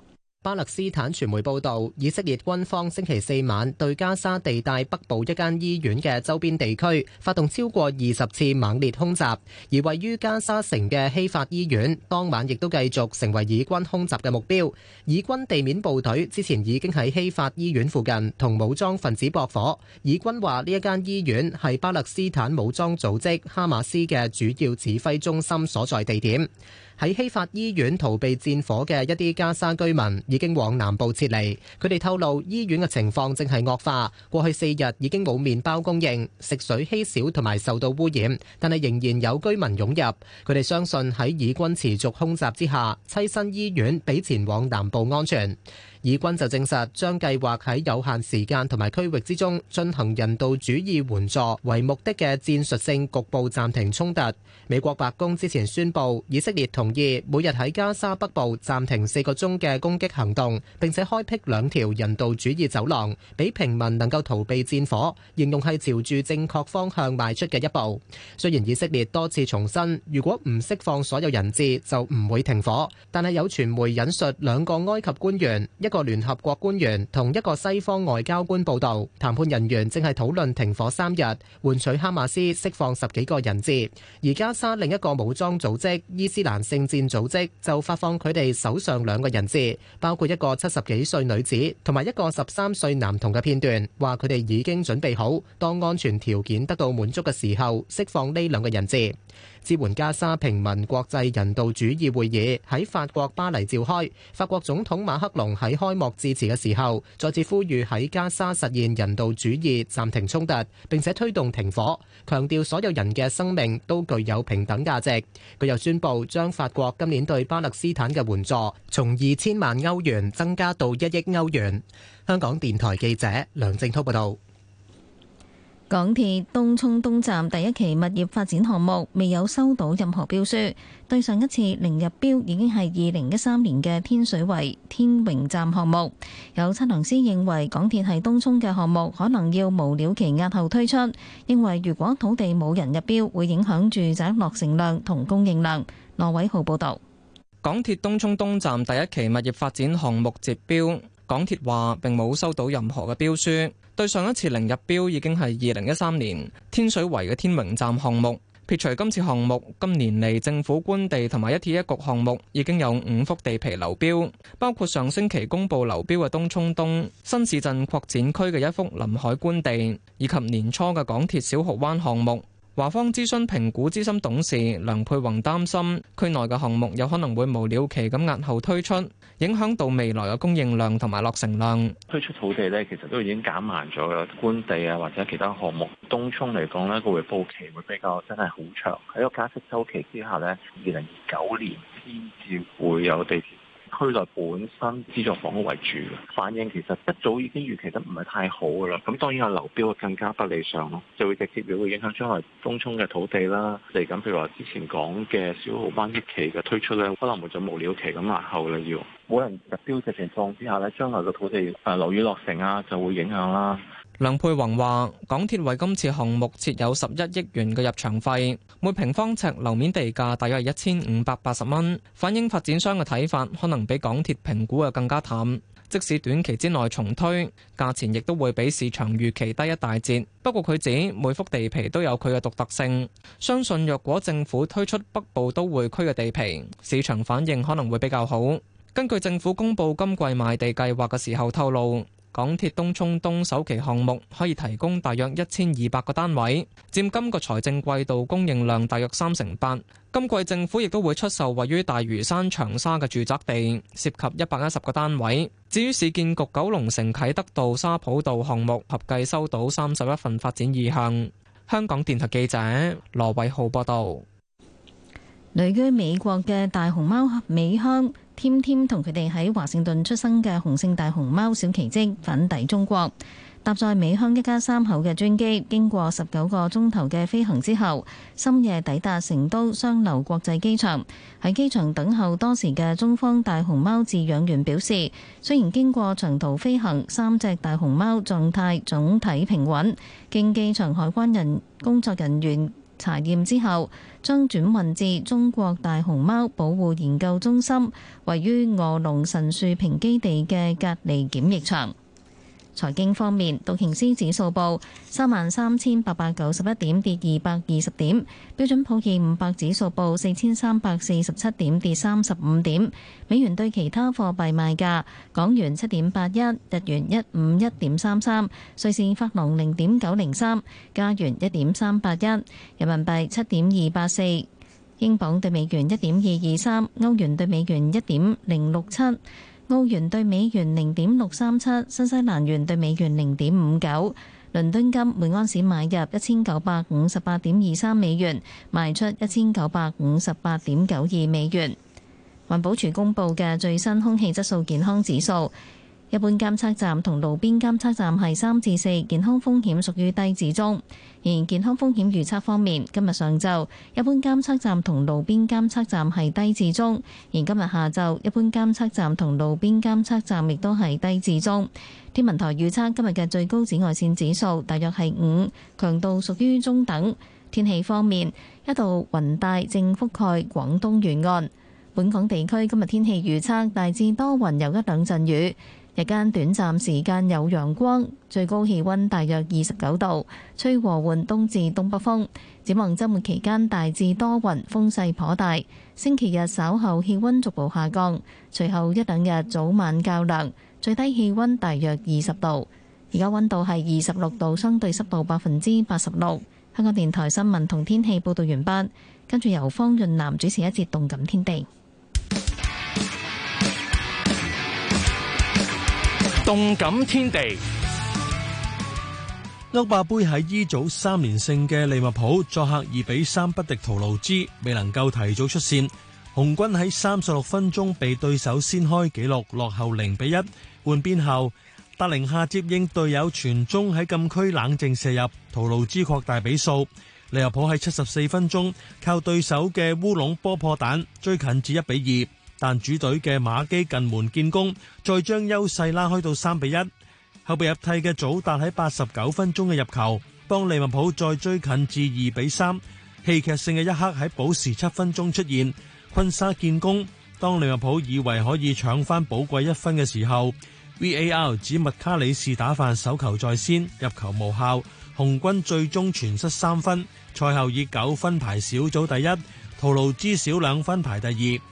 巴勒斯坦傳媒報道，以色列軍方星期四晚對加沙地帶北部一間醫院嘅周邊地區發動超過二十次猛烈空襲，而位於加沙城嘅希法醫院當晚亦都繼續成為以軍空襲嘅目標。以軍地面部隊之前已經喺希法醫院附近同武裝分子駁火。以軍話呢一間醫院係巴勒斯坦武裝組織哈馬斯嘅主要指揮中心所在地點。喺希法醫院逃避戰火嘅一啲加沙居民已經往南部撤離。佢哋透露，醫院嘅情況正係惡化，過去四日已經冇麵包供應，食水稀少同埋受到污染。但係仍然有居民湧入。佢哋相信喺以軍持續空襲之下，棲身醫院比前往南部安全。以軍就證實將計劃喺有限時間同埋區域之中進行人道主義援助為目的嘅戰術性局部暫停衝突。美國白宮之前宣布，以色列同意每日喺加沙北部暫停四個鐘嘅攻擊行動，並且開闢兩條人道主義走廊，俾平民能夠逃避戰火，形容係朝住正確方向邁出嘅一步。雖然以色列多次重申，如果唔釋放所有人質就唔會停火，但係有傳媒引述兩個埃及官員一、一個聯合國官員同一個西方外交官報道，談判人員正係討論停火三日，換取哈馬斯釋放十幾個人質。而加沙另一個武裝組織伊斯蘭聖戰組織就發放佢哋手上兩個人質，包括一個七十幾歲女子同埋一個十三歲男童嘅片段，話佢哋已經準備好，當安全條件得到滿足嘅時候釋放呢兩個人質。支援加沙平民國際人道主義會議喺法國巴黎召開，法國總統馬克龍喺開幕致辭嘅時候，再次呼籲喺加沙實現人道主義暫停衝突，並且推動停火，強調所有人嘅生命都具有平等價值。佢又宣布將法國今年對巴勒斯坦嘅援助從二千萬歐元增加到一億歐元。香港電台記者梁正濤報道。港鐵東涌東站第一期物業發展項目未有收到任何標書，對上一次零入標已經係二零一三年嘅天水圍天榮站項目。有測量師認為港鐵喺東涌嘅項目，可能要無了期押後推出，因為如果土地冇人入標，會影響住宅落成量同供應量。羅偉豪報導。港鐵東涌東站第一期物業發展項目截標，港鐵話並冇收到任何嘅標書。對上一次零入標已經係二零一三年天水圍嘅天榮站項目，撇除今次項目，今年嚟政府官地同埋一鐵一局項目已經有五幅地皮流標，包括上星期公布流標嘅東涌東新市鎮擴展區嘅一幅臨海官地，以及年初嘅港鐵小蠔灣項目。華方諮詢評估資深董事梁佩宏擔心，區內嘅項目有可能會無了期咁押後推出。影響到未來嘅供應量同埋落成量。推出土地咧，其實都已經減慢咗嘅官地啊，或者其他項目。東涌嚟講咧，個回報期會比較真係好長。喺個加息周期之下咧，二零二九年先至會有地鐵。區內本身資助房屋為主反應，其實一早已經預期得唔係太好嘅啦。咁當然個流標更加不理想咯，就會直接會影響將來東涌嘅土地啦。嚟緊譬如話之前講嘅小蠔灣一期嘅推出咧，可能會就無了期咁落後啦。要冇人入標嘅情況之下咧，將來嘅土地誒，樓宇落成啊，就會影響啦。梁佩宏話港鐵為今次項目設有十一億元嘅入場費，每平方尺樓面地價大約係一千五百八十蚊。反映發展商嘅睇法，可能比港鐵評估嘅更加淡。即使短期之內重推，價錢亦都會比市場預期低一大截。不過，佢指每幅地皮都有佢嘅獨特性，相信若果政府推出北部都會區嘅地皮，市場反應可能會比較好。根據政府公布今季賣地計劃嘅時候透露。港鐵東湧東涌東首期項目可以提供大約一千二百個單位，佔今個財政季度供應量大約三成八。今季政府亦都會出售位於大嶼山長沙嘅住宅地，涉及一百一十個單位。至於市建局九龍城啟德道沙浦道項目，合計收到三十一份發展意向。香港電台記者羅偉浩報道。旅居美國嘅大熊貓美香、添添同佢哋喺華盛頓出生嘅雄性大熊貓小奇蹟返抵中國搭載美香一家三口嘅專機經過十九個鐘頭嘅飛行之後深夜抵達成都雙流國際機場，喺機場等候多時嘅中方大熊貓飼養員表示，雖然經過長途飛行，三隻大熊貓狀態總體平穩經機場海關人工作人員。查驗之後，將轉運至中國大熊貓保護研究中心位於臥龍神樹坪基地嘅隔離檢疫場。財經方面，道瓊斯指數報三萬三千八百九十一點，跌二百二十點；標準普爾五百指數報四千三百四十七點，跌三十五點。美元對其他貨幣賣價：港元七點八一，日元一五一點三三，瑞士法郎零點九零三，加元一點三八一，人民幣七點二八四。英鎊對美元一點二二三，歐元對美元一點零六七。澳元兌美元零點六三七，新西蘭元兌美元零點五九，倫敦金每安士買入一千九百五十八點二三美元，賣出一千九百五十八點九二美元。環保署公布嘅最新空氣質素健康指數。一般監測站同路邊監測站係三至四，健康風險屬於低至中。而健康風險預測方面，今日上晝一般監測站同路邊監測站係低至中。而今日下晝一般監測站同路邊監測站亦都係低至中。天文台預測今日嘅最高紫外線指數大約係五，強度屬於中等。天氣方面，一道雲帶正覆蓋廣東沿岸。本港地區今日天氣預測大致多雲有一兩陣雨。日間短暫時間有陽光，最高氣溫大約二十九度，吹和緩東至東北風。展望周末期間大致多雲，風勢頗大。星期日稍後氣溫逐步下降，隨後一兩日早晚較涼，最低氣溫大約二十度。而家溫度係二十六度，相對濕度百分之八十六。香港電台新聞同天氣報道完畢，跟住由方潤南主持一節《動感天地》。動感天地，歐霸盃喺依、e、組三連勝嘅利物浦作客二比三不敵圖盧茲，未能夠提早出線。紅軍喺三十六分鐘被對手先開紀錄，落後零比一。換邊後，達寧下接應隊友傳中喺禁區冷靜射入，圖盧茲擴大比數。利物浦喺七十四分鐘靠對手嘅烏龍波破蛋，追近至一比二。但主隊嘅馬基近門建功，再將優勢拉開到三比一。後備入替嘅祖達喺八十九分鐘嘅入球，幫利物浦再追近至二比三。戲劇性嘅一刻喺補時七分鐘出現，昆沙建功。當利物浦以為可以搶翻寶貴一分嘅時候，VAR 指麥卡里斯打犯手球在先，入球無效。紅軍最終全失三分，賽後以九分排小組第一，圖盧斯少兩分排第二。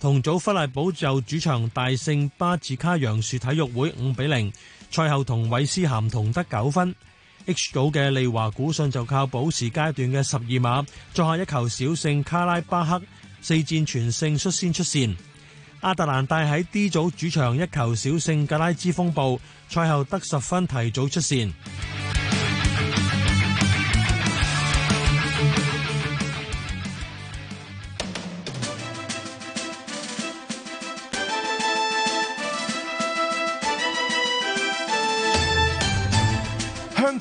同組弗拉寶就主場大勝巴治卡楊樹體育會五比零，賽後同韋斯咸同得九分。H 組嘅利華古遜就靠補時階段嘅十二碼，作下一球小勝卡拉巴克，四戰全勝率先出線。亞特蘭大喺 D 組主場一球小勝格拉茲風暴，賽後得十分提早出線。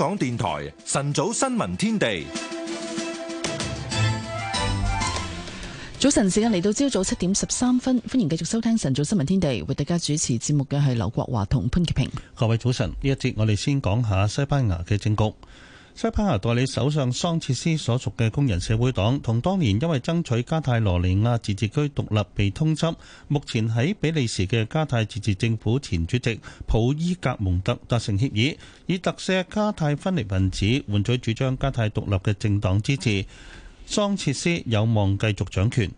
港電台晨早新聞天地，早晨時間嚟到，朝早七點十三分，歡迎繼續收聽晨早新聞天地。為大家主持節目嘅係劉國華同潘潔平。各位早晨，呢一節我哋先講下西班牙嘅政局。西班牙代理首相桑切斯所屬嘅工人社會黨同當年因為爭取加泰羅尼亞自治區獨立被通緝，目前喺比利時嘅加泰自治政府前主席普伊格蒙特達成協議，以特赦加泰分離分子換取主張加泰獨立嘅政黨支持，桑切斯有望繼續掌權。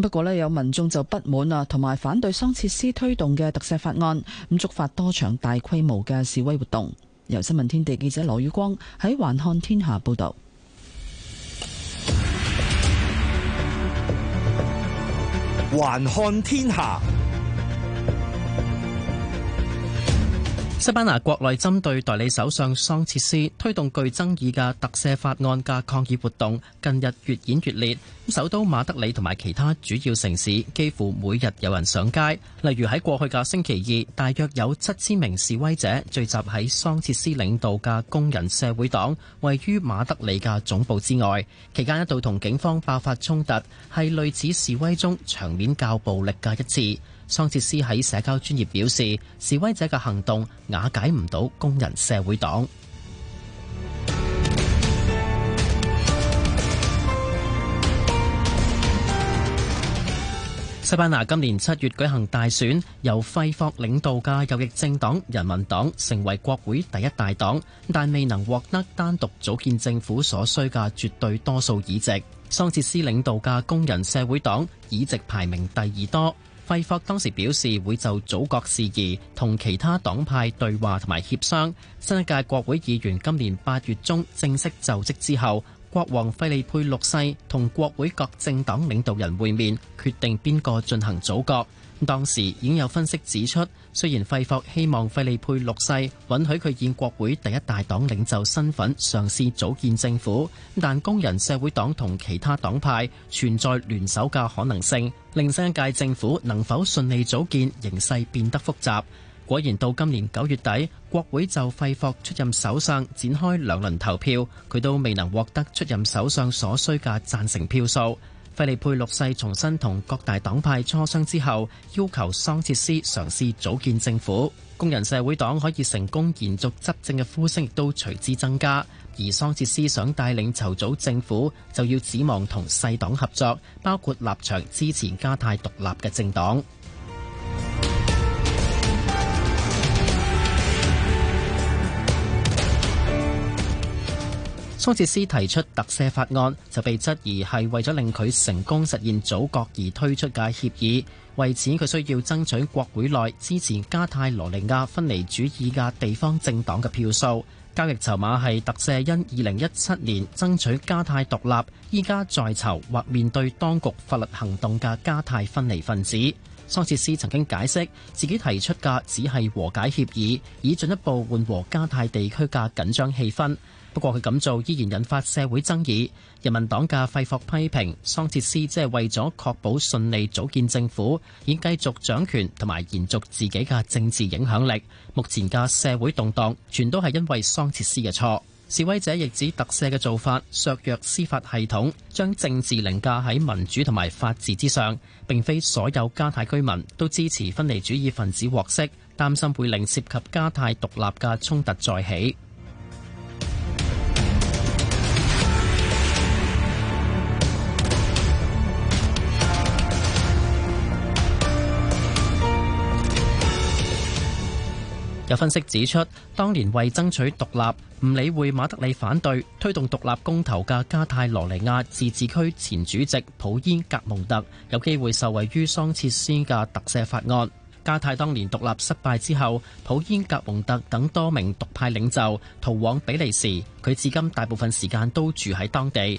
不過呢，有民眾就不滿啊，同埋反對桑切斯推動嘅特赦法案，咁觸發多場大規模嘅示威活動。由新聞天地記者羅宇光喺《還看天下》報道，《還看天下》。西班牙國內針對代理首相桑切斯推動具爭議嘅特赦法案嘅抗議活動，近日越演越烈。首都馬德里同埋其他主要城市，幾乎每日有人上街。例如喺過去嘅星期二，大約有七千名示威者聚集喺桑切斯領導嘅工人社會黨位於馬德里嘅總部之外，期間一度同警方爆發衝突，係類似示威中場面較暴力嘅一次。桑切斯喺社交專業表示，示威者嘅行動瓦解唔到工人社會黨。西班牙今年七月舉行大選，由費霍領導嘅右翼政黨人民黨成為國會第一大黨，但未能獲得單獨組建政府所需嘅絕對多數議席。桑切斯領導嘅工人社會黨議席排名第二多。費霍當時表示會就組閣事宜同其他黨派對話同埋協商。新一屆國會議員今年八月中正式就職之後，國王費利佩六世同國會各政黨領導人會面，決定邊個進行組閣。當時已經有分析指出，雖然費霍希望費利佩六世允許佢以國會第一大黨領袖身份嘗試組建政府，但工人社會黨同其他黨派存在聯手嘅可能性，令新一屆政府能否順利組建，形勢變得複雜。果然，到今年九月底，國會就費霍出任首相展開兩輪投票，佢都未能獲得出任首相所需嘅贊成票數。費利佩六世重新同各大黨派磋商之後，要求桑切斯嘗試組建政府。工人社會黨可以成功延續執政嘅呼聲亦都隨之增加，而桑切斯想帶領籌組政府，就要指望同細黨合作，包括立場支持加泰獨立嘅政黨。桑切斯提出特赦法案就被質疑係為咗令佢成功實現祖國而推出嘅協議，為此佢需要爭取國會內支持加泰羅尼亞分離主義嘅地方政黨嘅票數。交易籌碼係特赦因二零一七年爭取加泰獨立，依家在囚或面對當局法律行動嘅加泰分離分子。桑切斯曾經解釋自己提出嘅只係和解協議，以進一步緩和加泰地區嘅緊張氣氛。不過佢咁做依然引發社會爭議，人民黨嘅費霍批評桑切斯只係為咗確保順利組建政府，以繼續掌權同埋延續自己嘅政治影響力。目前嘅社會動盪，全都係因為桑切斯嘅錯。示威者亦指特赦嘅做法削弱司法系統，將政治凌駕喺民主同埋法治之上，並非所有加泰居民都支持分離主義分子獲釋，擔心會令涉及加泰獨立嘅衝突再起。有分析指出，當年為爭取獨立，唔理會馬德里反對，推動獨立公投嘅加泰羅尼亞自治區前主席普伊格蒙特，有機會受惠於桑切斯嘅特赦法案。加泰當年獨立失敗之後，普伊格蒙特等多名獨派領袖逃往比利時，佢至今大部分時間都住喺當地。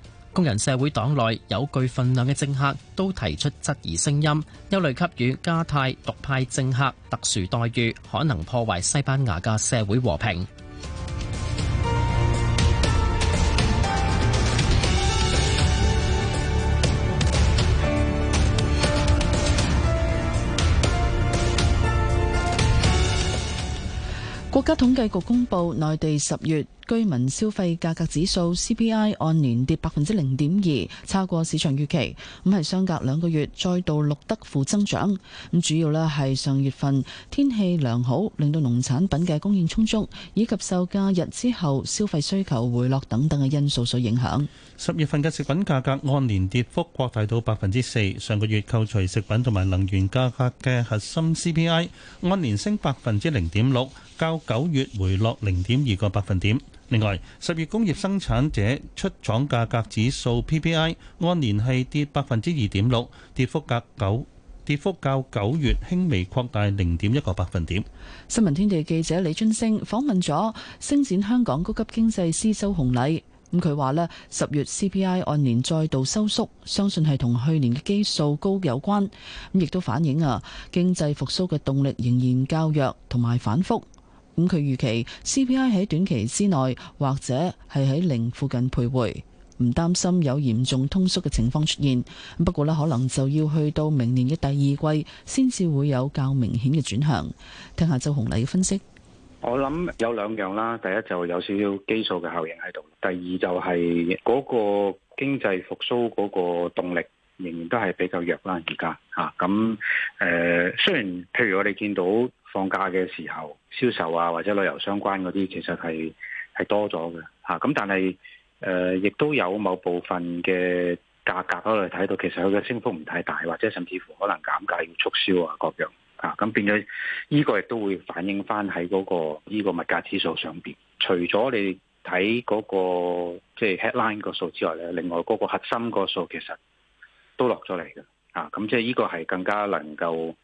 工人社會黨內有具份量嘅政客都提出質疑聲音，憂慮給予加泰獨派政客特殊待遇，可能破壞西班牙嘅社會和平。國家統計局公布，內地十月居民消費價格指數 CPI 按年跌百分之零點二，超過市場預期。咁係相隔兩個月再度錄得負增長。主要呢係上月份天氣良好，令到農產品嘅供應充足，以及受假日之後消費需求回落等等嘅因素所影響。十月份嘅食品價格按年跌幅擴大到百分之四。上個月扣除食品同埋能源價格嘅核心 CPI 按年升百分之零點六。較九月回落零點二個百分點。另外，十月工業生產者出廠價格指數 PPI，按年係跌百分之二點六，跌幅較九跌幅較九月輕微擴大零點一個百分點。新聞天地記者李津升訪問咗星展香港高級經濟師周紅禮，咁佢話咧，十月 CPI 按年再度收縮，相信係同去年嘅基數高有關，咁亦都反映啊，經濟復蘇嘅動力仍然較弱同埋反復。咁佢預期 CPI 喺短期之內或者係喺零附近徘徊，唔擔心有嚴重通縮嘅情況出現。不過呢，可能就要去到明年嘅第二季先至會有較明顯嘅轉向。聽下周紅麗嘅分析。我諗有兩樣啦，第一就有少少基數嘅效應喺度，第二就係嗰個經濟復蘇嗰個動力仍然都係比較弱啦。而家吓咁誒，雖然譬如我哋見到。放假嘅時候，銷售啊或者旅遊相關嗰啲，其實係係多咗嘅嚇。咁、啊、但係誒，亦、呃、都有某部分嘅價格我哋睇到，其實佢嘅升幅唔太大，或者甚至乎可能減價要促銷啊各樣嚇。咁、啊、變咗呢個亦都會反映翻喺嗰個呢、這個物價指數上邊。除咗你睇嗰、那個即係、就是、headline 個數之外咧，另外嗰個核心個數其實都落咗嚟嘅嚇。咁、啊嗯、即係呢個係更加能夠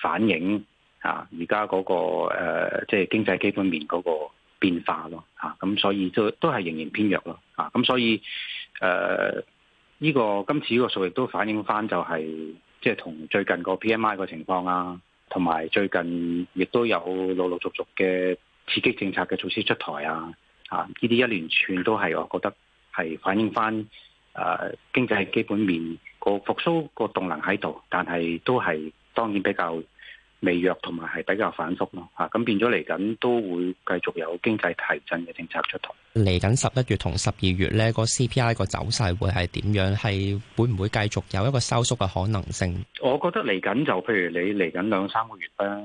反映。啊！而家嗰個誒，即、呃、係、就是、經濟基本面嗰個變化咯，啊，咁所以都都係仍然偏弱咯，啊，咁所以誒，呢、呃這個今次呢個數亦都反映翻就係、是，即係同最近個 PMI 個情況啊，同埋最近亦都有陸陸續續嘅刺激政策嘅措施出台啊，啊，呢啲一連串都係我覺得係反映翻誒、啊、經濟基本面個復蘇個動能喺度，但係都係當然比較。微弱同埋係比較反覆咯嚇，咁、啊、變咗嚟緊都會繼續有經濟提振嘅政策出台。嚟緊十一月同十二月呢個 CPI 個走勢會係點樣？係會唔會繼續有一個收縮嘅可能性？我覺得嚟緊就譬如你嚟緊兩三個月啦，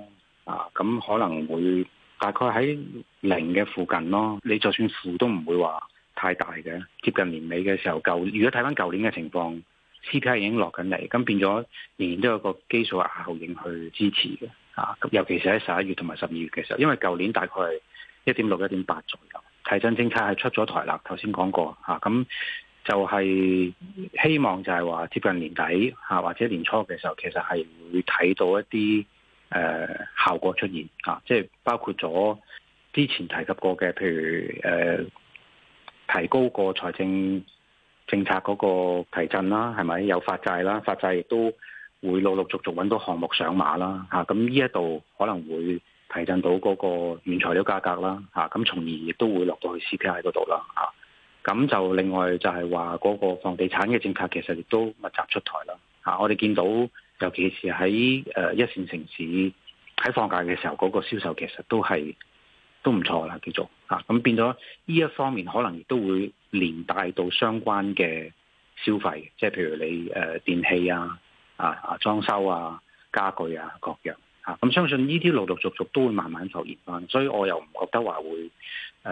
啊咁可能會大概喺零嘅附近咯。你就算負都唔會話太大嘅，接近年尾嘅時候舊。如果睇返舊年嘅情況。CPI 已經落緊嚟，咁變咗仍然都有個基數效應去支持嘅，啊，尤其是喺十一月同埋十二月嘅時候，因為舊年大概係一點六、一點八左右。提振政，政策係出咗台啦，頭先講過，嚇、啊、咁就係希望就係話接近年底嚇、啊、或者年初嘅時候，其實係會睇到一啲誒、呃、效果出現嚇，即、啊、係、就是、包括咗之前提及過嘅，譬如誒、呃、提高過財政。政策嗰個提振啦，係咪有發債啦？發債亦都會陸陸續續揾到項目上馬啦，嚇！咁呢一度可能會提振到嗰個原材料價格啦，嚇！咁從而亦都會落到去 CPI 嗰度啦，嚇！咁就另外就係話嗰個房地產嘅政策其實亦都密集出台啦，嚇！我哋見到尤其是喺誒一線城市喺放假嘅時候，嗰個銷售其實都係。都唔錯啦，叫做嚇，咁、啊、變咗呢一方面可能亦都會連帶到相關嘅消費，即係譬如你誒、呃、電器啊、啊啊裝修啊、家具啊各樣嚇，咁、啊、相信呢啲陸陸續續都會慢慢復熱翻，所以我又唔覺得話會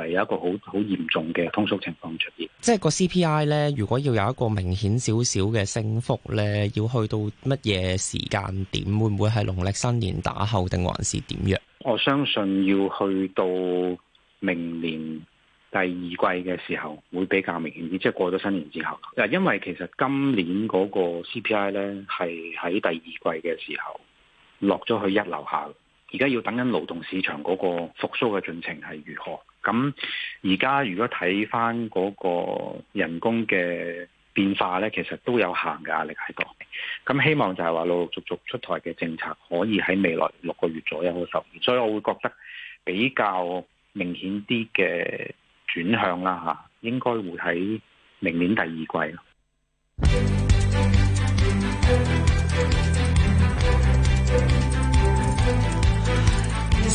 誒有一個好好嚴重嘅通縮情況出現。即係個 CPI 咧，如果要有一個明顯少少嘅升幅咧，要去到乜嘢時間點，會唔會係農曆新年打後定還是點樣？我相信要去到明年第二季嘅時候，會比較明顯，即係過咗新年之後。嗱，因為其實今年嗰個 CPI 咧，係喺第二季嘅時候落咗去一樓下，而家要等緊勞動市場嗰個復蘇嘅進程係如何。咁而家如果睇翻嗰個人工嘅。變化呢，其實都有限嘅壓力喺度。咁希望就係話，陸陸續續出台嘅政策，可以喺未來六個月左右嗰十年，所以我會覺得比較明顯啲嘅轉向啦，嚇應該會喺明年第二季。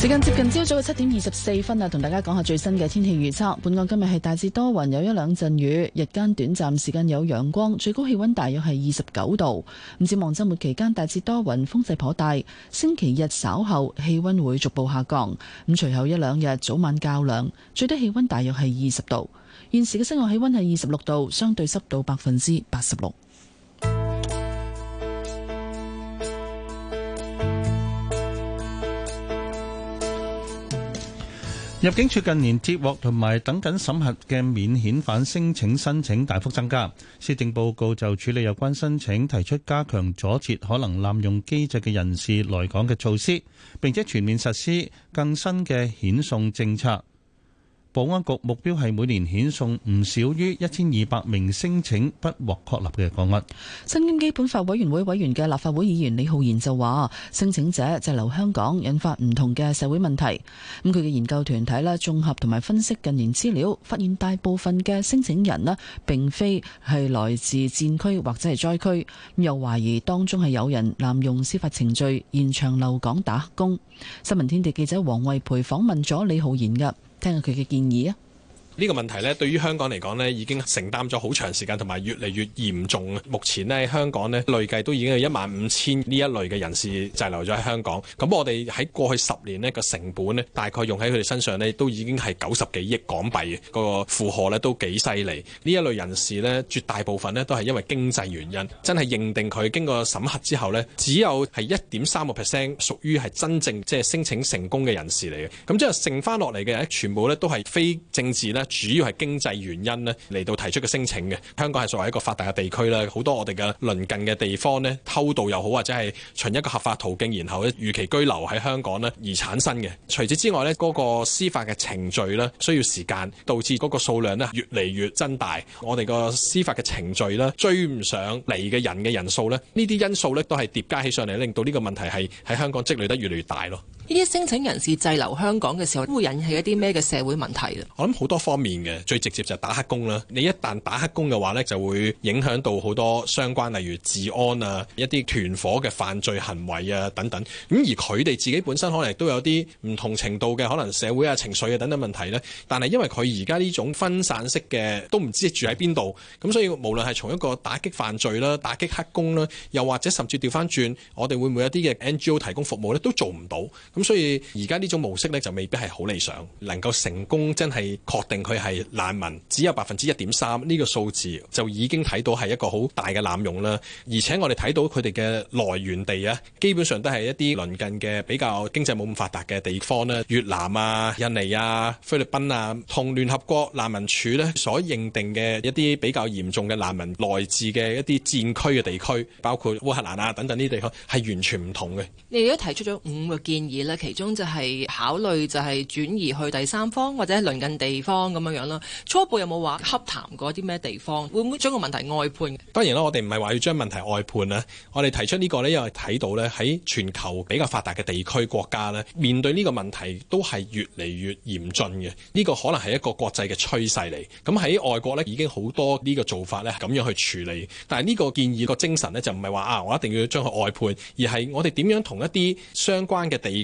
時間接近朝早嘅七點二十四分啊，同大家講下最新嘅天氣預測。本港今日係大致多雲，有一兩陣雨，日間短暫時間有陽光，最高氣溫大約係二十九度。咁展望周末期間大致多雲，風勢頗大。星期日稍後氣溫會逐步下降。咁隨後一兩日早晚較涼，最低氣溫大約係二十度。現時嘅室外氣溫係二十六度，相對濕度百分之八十六。入境處近年接獲同埋等緊審核嘅免遣返申請申請大幅增加，施政報告就處理有關申請，提出加強阻截可能濫用機制嘅人士來港嘅措施，並且全面實施更新嘅遣送政策。保安局目標係每年遣送唔少於一千二百名申請不獲確立嘅個案。新基本法委員會委員嘅立法會議員李浩然就話，申請者滯留香港，引發唔同嘅社會問題。咁佢嘅研究團體咧，綜合同埋分析近年資料，發現大部分嘅申請人呢，並非係來自戰區或者係災區，又懷疑當中係有人濫用司法程序，延長留港打工。新聞天地記者黃慧培訪問咗李浩然噶。聽下佢嘅建議啊！呢個問題呢，對於香港嚟講呢，已經承擔咗好長時間同埋越嚟越嚴重。目前呢，香港呢，累計都已經有一萬五千呢一類嘅人士滯留咗喺香港。咁我哋喺過去十年呢個成本呢，大概用喺佢哋身上呢，都已經係九十幾億港幣嘅個負荷咧，都幾犀利。呢一類人士呢，絕大部分呢都係因為經濟原因，真係認定佢經過審核之後呢，只有係一點三個 percent 屬於係真正即係申請成功嘅人士嚟嘅。咁即係剩翻落嚟嘅人全部呢都係非政治咧。主要係經濟原因咧嚟到提出嘅申請嘅，香港係作為一個發達嘅地區啦，好多我哋嘅鄰近嘅地方咧偷渡又好，或者係循一個合法途徑，然後逾期居留喺香港咧而產生嘅。除此之外咧，嗰個司法嘅程序咧需要時間，導致嗰個數量咧越嚟越增大，我哋個司法嘅程序咧追唔上嚟嘅人嘅人數咧，呢啲因素咧都係疊加起上嚟，令到呢個問題係喺香港積累得越嚟越大咯。呢啲申請人士滯留香港嘅時候，都會引起一啲咩嘅社會問題咧？我諗好多方面嘅，最直接就係打黑工啦。你一旦打黑工嘅話呢，就會影響到好多相關，例如治安啊、一啲團伙嘅犯罪行為啊等等。咁而佢哋自己本身可能亦都有啲唔同程度嘅可能社會啊、情緒啊等等問題呢，但係因為佢而家呢種分散式嘅，都唔知住喺邊度，咁所以無論係從一個打擊犯罪啦、打擊黑工啦，又或者甚至調翻轉，我哋會唔會有啲嘅 NGO 提供服務呢？都做唔到。咁所以而家呢種模式咧就未必係好理想，能夠成功真係確定佢係難民，只有百分之一點三呢個數字就已經睇到係一個好大嘅濫用啦。而且我哋睇到佢哋嘅來源地啊，基本上都係一啲鄰近嘅比較經濟冇咁發達嘅地方啦、越南啊、印尼啊、菲律賓啊，同聯合國難民署咧所認定嘅一啲比較嚴重嘅難民來自嘅一啲戰區嘅地區，包括烏克蘭啊等等呢啲地方係完全唔同嘅。你哋都提出咗五個建議咧。其中就係考慮就係轉移去第三方或者鄰近地方咁樣樣啦。初步有冇話洽談過啲咩地方？會唔會將個問題外判？當然啦，我哋唔係話要將問題外判啊。我哋提出呢個咧，因為睇到咧喺全球比較發達嘅地區國家咧，面對呢個問題都係越嚟越嚴峻嘅。呢個可能係一個國際嘅趨勢嚟。咁喺外國呢，已經好多呢個做法咧咁樣去處理。但係呢個建議個精神呢，就唔係話啊，我一定要將佢外判，而係我哋點樣同一啲相關嘅地。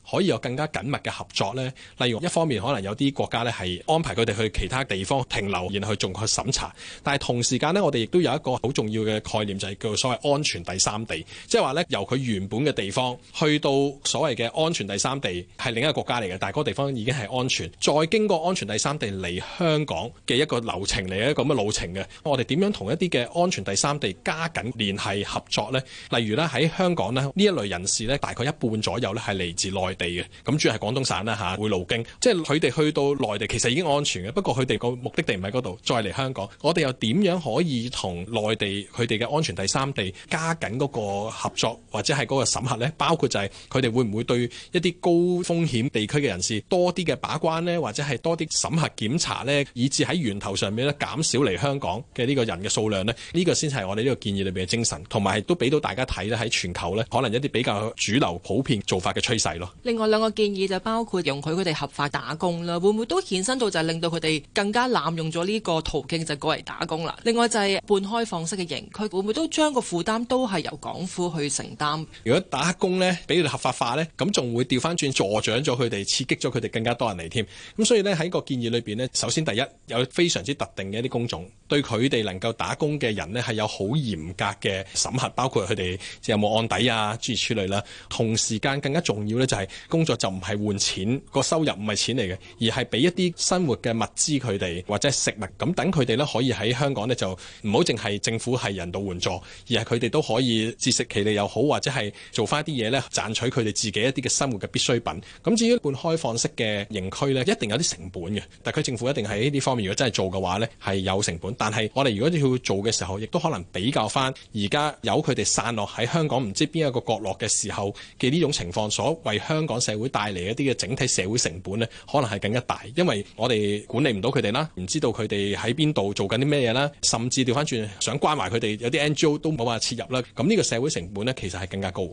可以有更加緊密嘅合作呢。例如一方面可能有啲國家呢，係安排佢哋去其他地方停留，然後去仲去審查。但係同時間呢，我哋亦都有一個好重要嘅概念，就係叫所謂安全第三地，即係話呢，由佢原本嘅地方去到所謂嘅安全第三地係另一個國家嚟嘅，但係嗰個地方已經係安全，再經過安全第三地嚟香港嘅一個流程嚟一個咁嘅路程嘅。我哋點樣同一啲嘅安全第三地加緊聯繫合作呢？例如呢，喺香港呢，呢一類人士呢，大概一半左右呢，係嚟自內地嘅，咁主要係廣東省啦嚇、啊，會路經，即係佢哋去到內地其實已經安全嘅，不過佢哋個目的地唔喺嗰度，再嚟香港，我哋又點樣可以同內地佢哋嘅安全第三地加緊嗰個合作或者係嗰個審核呢？包括就係佢哋會唔會對一啲高風險地區嘅人士多啲嘅把關呢？或者係多啲審核檢查呢？以至喺源頭上面咧減少嚟香港嘅呢個人嘅數量呢？呢、呢個先係我哋呢個建議裏面嘅精神，同埋都俾到大家睇咧喺全球呢，可能一啲比較主流普遍做法嘅趨勢咯。另外兩個建議就包括容許佢哋合法打工啦，會唔會都衍生到就係令到佢哋更加濫用咗呢個途徑就過嚟打工啦？另外就係半開放式嘅營區，會唔會都將個負擔都係由港府去承擔？如果打工呢，俾佢哋合法化呢，咁仲會掉返轉助長咗佢哋，刺激咗佢哋更加多人嚟添。咁所以呢，喺個建議裏邊呢，首先第一有非常之特定嘅一啲工種，對佢哋能夠打工嘅人呢，係有好嚴格嘅審核，包括佢哋即有冇案底啊，諸如此類啦。同時間更加重要呢，就係、是。工作就唔係換錢，個收入唔係錢嚟嘅，而係俾一啲生活嘅物資佢哋，或者食物咁，等佢哋咧可以喺香港咧，就唔好淨係政府係人道援助，而係佢哋都可以自食其力又好，或者係做翻一啲嘢咧，賺取佢哋自己一啲嘅生活嘅必需品。咁至於半開放式嘅營區咧，一定有啲成本嘅，但係政府一定喺呢方面，如果真係做嘅話咧係有成本。但係我哋如果要做嘅時候，亦都可能比較翻而家有佢哋散落喺香港唔知邊一個角落嘅時候嘅呢種情況所為，香。香港社會帶嚟一啲嘅整體社會成本咧，可能係更加大，因為我哋管理唔到佢哋啦，唔知道佢哋喺邊度做緊啲咩嘢啦，甚至調返轉想關懷佢哋，有啲 NGO 都冇辦法切入啦，咁呢個社會成本咧，其實係更加高。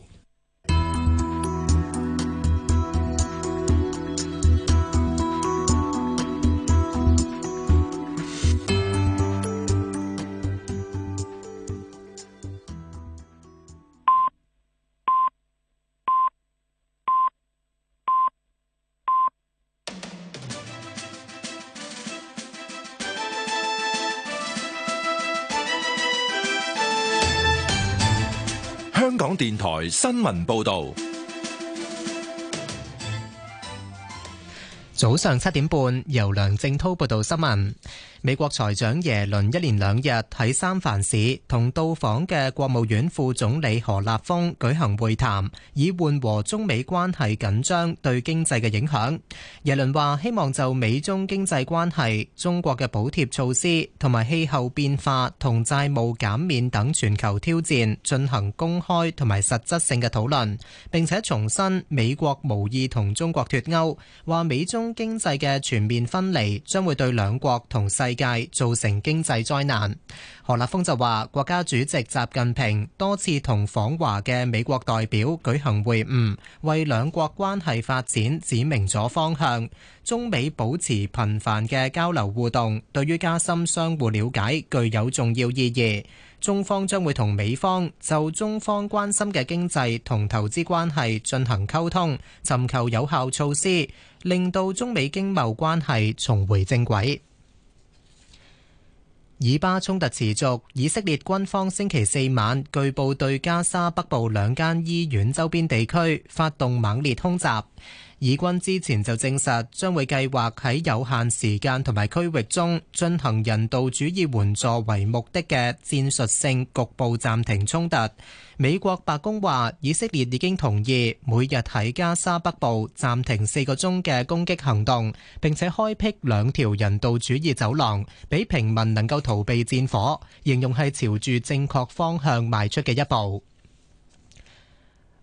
港電台新聞報道，早上七點半，由梁正滔報道新聞。美國財長耶倫一連兩日喺三藩市同到訪嘅國務院副總理何立峰舉行會談，以緩和中美關係緊張對經濟嘅影響。耶倫話希望就美中經濟關係、中國嘅補貼措施、同埋氣候變化同債務減免等全球挑戰進行公開同埋實質性嘅討論，並且重申美國無意同中國脫鉤。話美中經濟嘅全面分離將會對兩國同世界造成經濟災難。何立峰就話，國家主席習近平多次同訪華嘅美國代表舉行會晤，為兩國關係發展指明咗方向。中美保持頻繁嘅交流互動，對於加深相互了解具有重要意義。中方將會同美方就中方關心嘅經濟同投資關係進行溝通，尋求有效措施，令到中美經貿關係重回正軌。以巴衝突持續，以色列軍方星期四晚據報對加沙北部兩間醫院周邊地區發動猛烈空襲。以軍之前就證實將會計劃喺有限時間同埋區域中進行人道主義援助為目的嘅戰術性局部暫停衝突。美國白宮話，以色列已經同意每日喺加沙北部暫停四個鐘嘅攻擊行動，並且開闢兩條人道主義走廊，俾平民能夠逃避戰火，形容係朝住正確方向邁出嘅一步。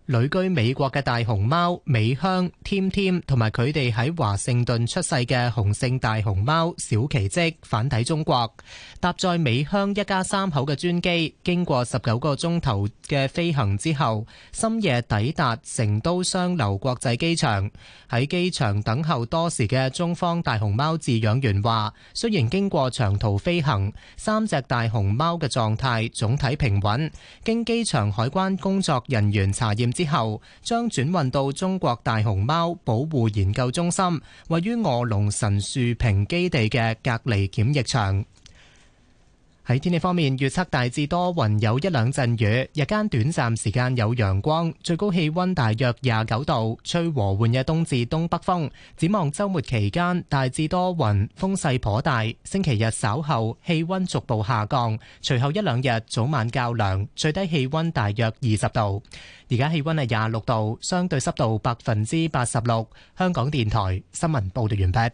旅居美國嘅大熊貓美香、添添同埋佢哋喺華盛頓出世嘅雄性大熊貓小奇蹟返抵中國，搭載美香一家三口嘅專機經過十九個鐘頭嘅飛行之後深夜抵達成都雙流國際機場，喺機場等候多時嘅中方大熊貓飼養員話，雖然經過長途飛行，三隻大熊貓嘅狀態總體平穩，經機場海關工作人員查驗。之後，將轉運到中國大熊貓保護研究中心，位於臥龍神樹坪基地嘅隔離檢疫場。喺天氣方面，預測大致多雲，有一兩陣雨，日間短暫時間有陽光，最高氣溫大約廿九度，吹和緩嘅東至東北風。展望周末期間大致多雲，風勢頗大。星期日稍後氣溫逐步下降，隨後一兩日早晚較涼，最低氣溫大約二十度。而家氣溫係廿六度，相對濕度百分之八十六。香港電台新聞報道完畢。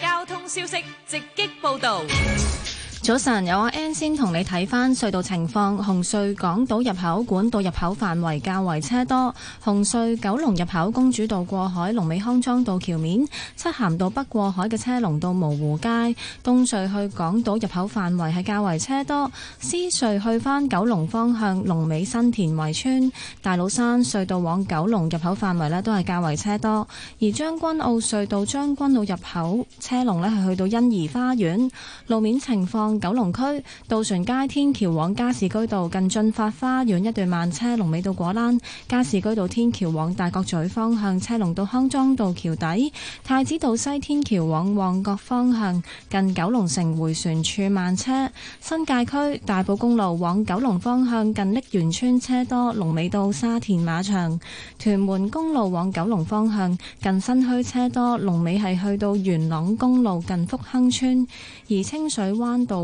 交通消息直擊報道。早晨，有阿 N 先同你睇翻隧道情況。紅隧港島入口管道入口範圍較為車多。紅隧九龍入口公主道過海、龍尾康莊道橋面、漆咸道北過海嘅車龍到蕪湖街。東隧去港島入口範圍係較為車多。獅隧去翻九龍方向龍尾新田圍村、大老山隧道往九龍入口範圍咧都係較為車多。而將軍澳隧道將軍澳入口車龍咧係去到欣怡花園，路面情況。九龍區渡船街天橋往加士居道近駿發花園一段慢車，龍尾到果欄；加士居道天橋往大角咀方向車龍到康莊道橋底；太子道西天橋往旺角方向近九龍城回旋處慢車；新界區大埔公路往九龍方向近瀝源村車多，龍尾到沙田馬場；屯門公路往九龍方向近新墟車多，龍尾係去到元朗公路近福亨村；而清水灣道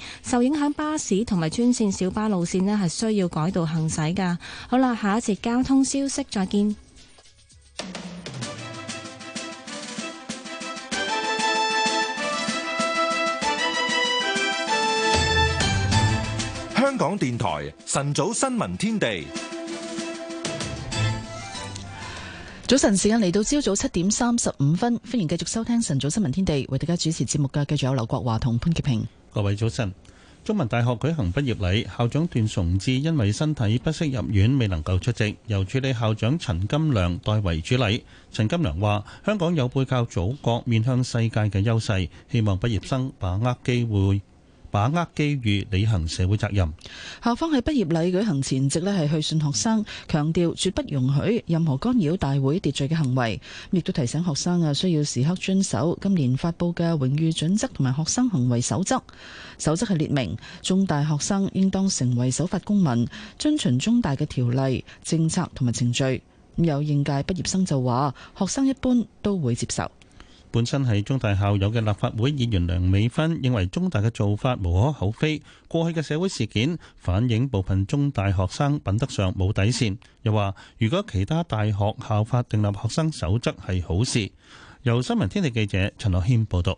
受影響巴士同埋專線小巴路線呢，係需要改道行駛噶。好啦，下一節交通消息，再見。香港電台晨早新聞天地，早晨時間嚟到，朝早七點三十五分，歡迎繼續收聽晨早新聞天地，為大家主持節目嘅，繼續有劉國華同潘潔平。各位早晨，中文大學舉行畢業禮，校長段崇智因為身體不適入院，未能夠出席，由處理校長陳金良代為主禮，陳金良話，香港有背靠祖國、面向世界嘅優勢，希望畢業生把握機會。把握機遇，履行社會責任。校方喺畢業禮舉行前夕咧，係去信學生，強調絕不容許任何干擾大會秩序嘅行為，亦都提醒學生啊，需要時刻遵守今年發布嘅榮譽準則同埋學生行為守則。守則係列明中大學生應當成為守法公民，遵循中大嘅條例、政策同埋程序。有應屆畢業生就話：學生一般都會接受。本身係中大校友嘅立法會議員梁美芬認為中大嘅做法無可厚非，過去嘅社會事件反映部分中大學生品德上冇底線，又話如果其他大學校法定立學生守則係好事。由新聞天地記者陳樂謙報道。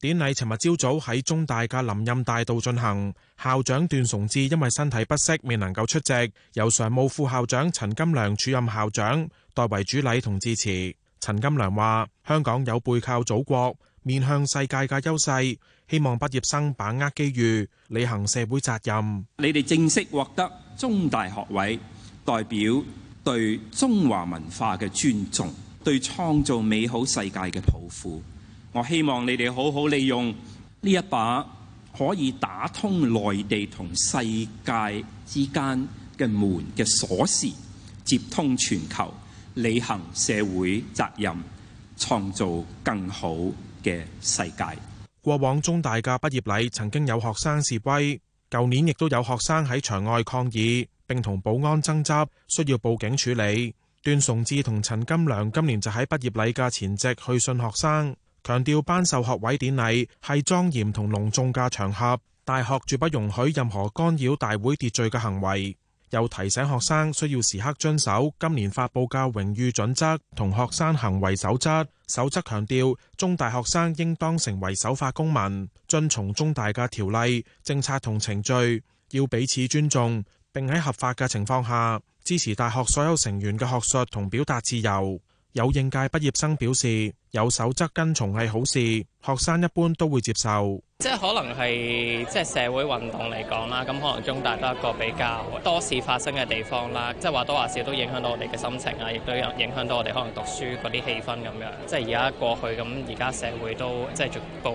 典禮尋日朝早喺中大嘅林蔭大道進行，校長段崇智因為身體不適未能夠出席，由常務副校長陳金良署任校長代為主禮同致辭。陳金良話：香港有背靠祖國、面向世界嘅優勢，希望畢業生把握機遇，履行社會責任。你哋正式獲得中大學位，代表對中華文化嘅尊重，對創造美好世界嘅抱負。我希望你哋好好利用呢一把可以打通內地同世界之間嘅門嘅鎖匙，接通全球。履行社會責任，創造更好嘅世界。過往中大嘅畢業禮曾經有學生示威，舊年亦都有學生喺場外抗議，並同保安爭執，需要報警處理。段崇智同陳金良今年就喺畢業禮嘅前夕去信學生，強調頒授學位典禮係莊嚴同隆重嘅場合，大學絕不容許任何干擾大會秩序嘅行為。又提醒學生需要時刻遵守今年發佈嘅榮譽準則同學生行為守則。守則強調中大學生應當成為守法公民，遵從中大嘅條例、政策同程序，要彼此尊重，並喺合法嘅情況下支持大學所有成員嘅學術同表達自由。有應屆畢業生表示，有守則跟從係好事，學生一般都會接受。即係可能係即係社會運動嚟講啦，咁可能中大都一個比較多事發生嘅地方啦。即係話多話少都影響到我哋嘅心情啊，亦都有影響到我哋可能讀書嗰啲氣氛咁樣。即係而家過去咁，而家社會都即係逐步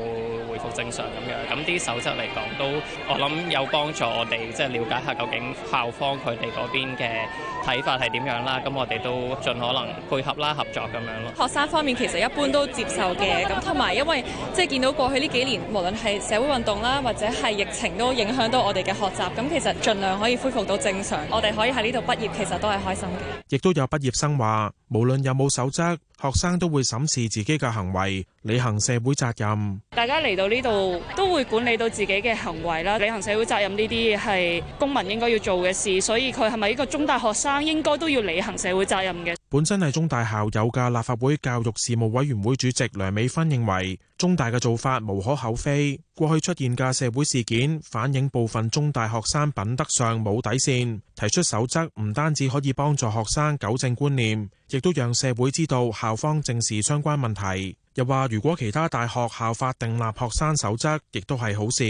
回復正常咁樣。咁啲守則嚟講都，我諗有幫助我哋即係了解下究竟校方佢哋嗰邊嘅。睇法係點樣啦？咁我哋都盡可能配合啦，合作咁樣咯。學生方面其實一般都接受嘅，咁同埋因為即係見到過去呢幾年，無論係社會運動啦，或者係疫情都影響到我哋嘅學習。咁其實盡量可以恢復到正常，我哋可以喺呢度畢業，其實都係開心嘅。亦都有畢業生話，無論有冇守則，學生都會審視自己嘅行為。履行社會責任，大家嚟到呢度都會管理到自己嘅行為啦。履行社會責任呢啲嘢，係公民應該要做嘅事，所以佢係咪一個中大學生應該都要履行社會責任嘅？本身係中大校友嘅立法會教育事務委員會主席梁美芬認為，中大嘅做法無可厚非。過去出現嘅社會事件反映部分中大學生品德上冇底線，提出守則唔單止可以幫助學生糾正觀念，亦都讓社會知道校方正視相關問題。又話如果其他大學校法訂立學生守則，亦都係好事。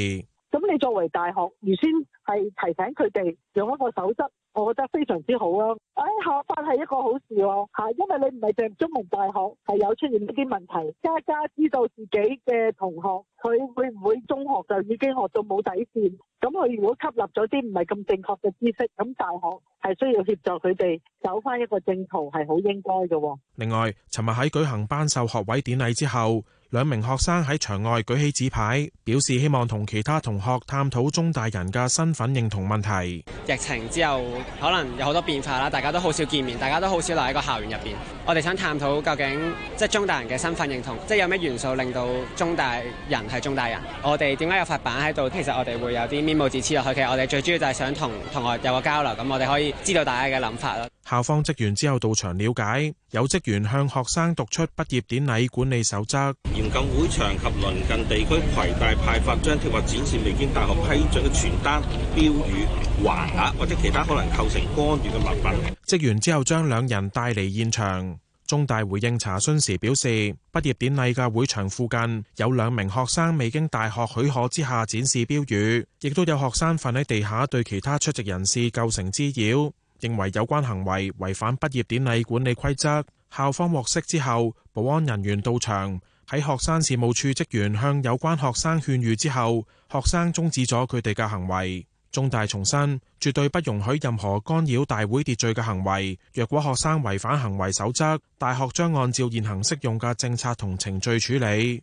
咁你作為大學，預先係提醒佢哋用一個守則。我覺得非常之好咯，哎，學法係一個好事喎，吓，因為你唔係淨係中文大學係有出現呢啲問題，家家知道自己嘅同學，佢會唔會中學就已經學到冇底線？咁佢如果吸納咗啲唔係咁正確嘅知識，咁大學係需要協助佢哋走翻一個正途，係好應該嘅。另外，尋日喺舉行頒授學位典禮之後。兩名學生喺場外舉起紙牌，表示希望同其他同學探討中大人嘅身份認同問題。疫情之後可能有好多變化啦，大家都好少見面，大家都好少留喺個校園入邊。我哋想探討究竟即係中大人嘅身份認同，即係有咩元素令到中大人係中大人？我哋點解有塊板喺度？其實我哋會有啲 memo 紙黐落去嘅。其實我哋最主要就係想同同學有個交流，咁我哋可以知道大家嘅諗法啦。校方職員之後到場了解。有職員向學生讀出畢業典禮管理守則，嚴禁會場及鄰近地區攜帶、派發、張貼或展示未經大學批准嘅傳單、標語、橫額或者其他可能構成干預嘅物品。職員之後將兩人帶離現場。中大回應查詢時表示，畢業典禮嘅會場附近有兩名學生未經大學許可之下展示標語，亦都有學生瞓喺地下對其他出席人士構成滋擾。認為有關行為違反畢業典禮管理規則，校方獲悉之後，保安人員到場，喺學生事務處職員向有關學生勸喻之後，學生終止咗佢哋嘅行為。中大重申，絕對不容許任何干擾大會秩序嘅行為。若果學生違反行為守則，大學將按照現行適用嘅政策同程序處理。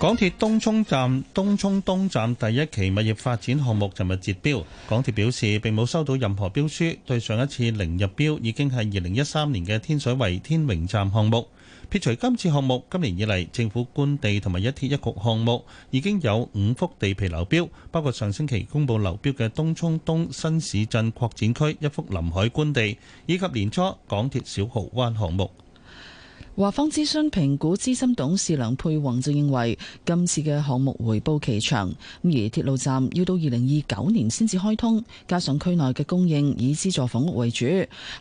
港鐵東涌站、東涌東站第一期物業發展項目尋日截標。港鐵表示並冇收到任何標書。對上一次零入標已經係二零一三年嘅天水圍天榮站項目。撇除今次項目，今年以嚟政府官地同埋一鐵一局項目已經有五幅地皮流標，包括上星期公布流標嘅東涌東新市鎮擴展區一幅臨海官地，以及年初港鐵小蠔灣項目。華方諮詢評估資深董事梁佩宏就認為，今次嘅項目回報期長，而鐵路站要到二零二九年先至開通，加上區內嘅供應以資助房屋為主，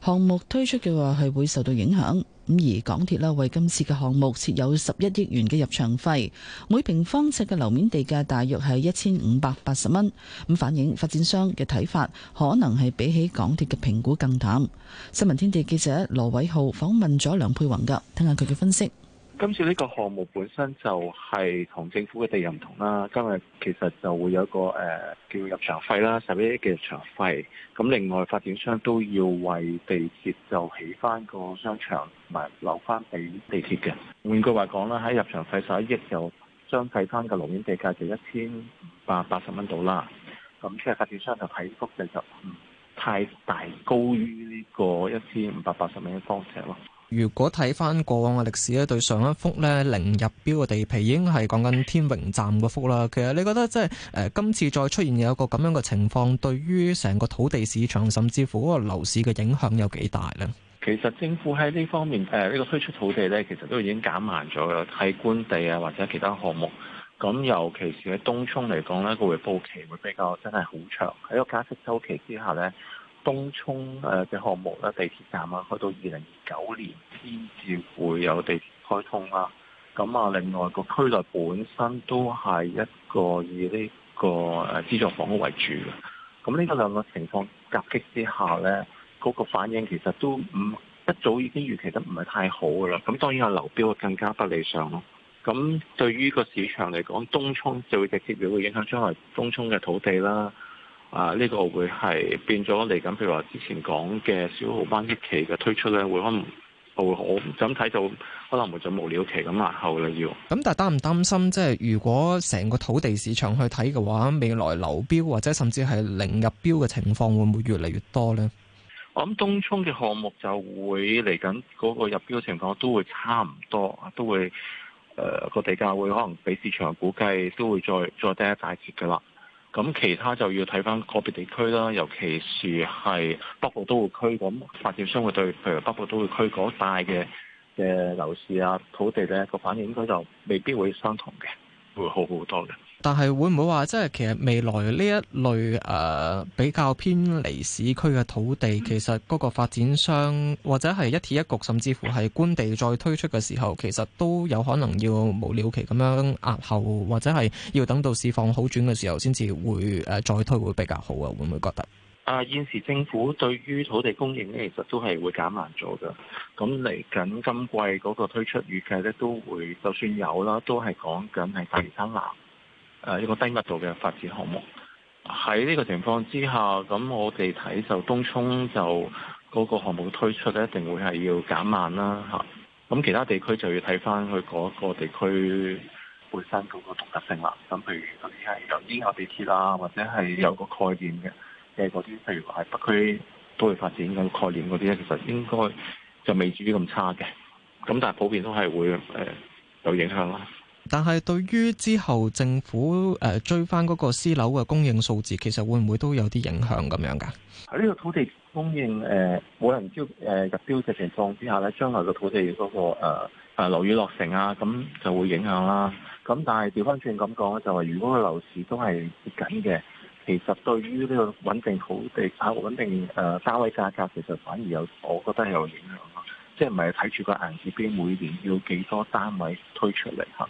項目推出嘅話係會受到影響。咁而港鐵啦，為今次嘅項目設有十一億元嘅入場費，每平方尺嘅樓面地價大約係一千五百八十蚊。咁反映發展商嘅睇法，可能係比起港鐵嘅評估更淡。新聞天地記者羅偉浩訪問咗梁佩雲㗎，聽下佢嘅分析。今次呢個項目本身就係同政府嘅地又唔同啦。今日其實就會有一個誒、呃、叫入場費啦，十一億嘅入場費。咁另外發展商都要為地鐵就起翻個商場，同埋留翻俾地鐵嘅。換句話講啦，喺入場費十一億，就將計翻嘅樓面地價就一千五百八十蚊到啦。咁即係發展商福就睇幅地就唔太大高於呢個一千五百八十蚊嘅方尺咯。如果睇翻過往嘅歷史咧，對上一幅咧零入標嘅地皮已經係講緊天榮站嗰幅啦。其實你覺得即係誒、呃、今次再出現有一個咁樣嘅情況，對於成個土地市場甚至乎嗰個樓市嘅影響有幾大咧？其實政府喺呢方面誒呢、呃呢個推出土地咧，其實都已經減慢咗啦，係官地啊或者其他項目。咁尤其是喺東涌嚟講咧，個回報期會比較真係好長喺個加息周期之下咧。東涌誒嘅項目啦，地鐵站啊，開到二零二九年先至會有地鐵開通啦。咁啊，另外個區內本身都係一個以呢個誒資助房屋為主嘅。咁呢個兩個情況夾擊之下呢，嗰、那個反應其實都唔一早已經預期得唔係太好嘅啦。咁當然啊，流標會更加不理想咯。咁對於個市場嚟講，東涌就會直接會影響將來東涌嘅土地啦。啊！呢、這個會係變咗嚟緊，譬如話之前講嘅小蠔灣一期嘅推出咧，會可能會好，咁睇就可能會就無了期咁後啦。要咁，但係擔唔擔心，即係如果成個土地市場去睇嘅話，未來流標或者甚至係零入標嘅情況，會唔會越嚟越多咧？我諗東涌嘅項目就會嚟緊嗰個入標情況都會差唔多，都會誒個、呃、地價會可能比市場估計都會再再低一大截噶啦。咁其他就要睇返個別地區啦，尤其是係北部都會區，咁發展商會對譬如北部都會區嗰帶嘅嘅樓市啊、土地呢個反應，應該就未必會相同嘅，會好好多嘅。但係會唔會話即係其實未來呢一類誒、呃、比較偏離市區嘅土地，其實嗰個發展商或者係一鐵一局，甚至乎係官地再推出嘅時候，其實都有可能要無了期咁樣壓後，或者係要等到市況好轉嘅時候，先至會誒再推會比較好啊？會唔會覺得？啊、呃，現時政府對於土地供應呢，其實都係會減慢咗噶。咁嚟緊今季嗰個推出預計呢，都會就算有啦，都係講緊係第二三南。誒、呃、一個低密度嘅發展項目，喺呢個情況之下，咁我哋睇就東涌就嗰個項目推出咧，一定會係要減慢啦嚇。咁、嗯、其他地區就要睇返佢嗰個地區本身嗰個獨特性、e R B T、啦。咁譬如佢而家有地下地鐵啊，或者係有個概念嘅嘅嗰啲，譬如話係北區都會發展嘅、那個、概念嗰啲咧，其實應該就未至於咁差嘅。咁但係普遍都係會誒、呃、有影響啦。但係，對於之後政府誒追翻嗰個私樓嘅供應數字，其實會唔會都有啲影響咁樣㗎？喺呢個土地供應誒冇、呃、人招誒、呃、入標嘅情況之下咧，將來個土地嗰、嗰個誒誒樓宇落成啊，咁就會影響啦。咁但係調翻轉咁講咧，就係如果個樓市都係緊嘅，其實對於呢個穩定土地啊、穩定誒、呃、單位價格，其實反而有我覺得有影響咯。即係唔係睇住個銀紙邊每年要幾多單位推出嚟嚇？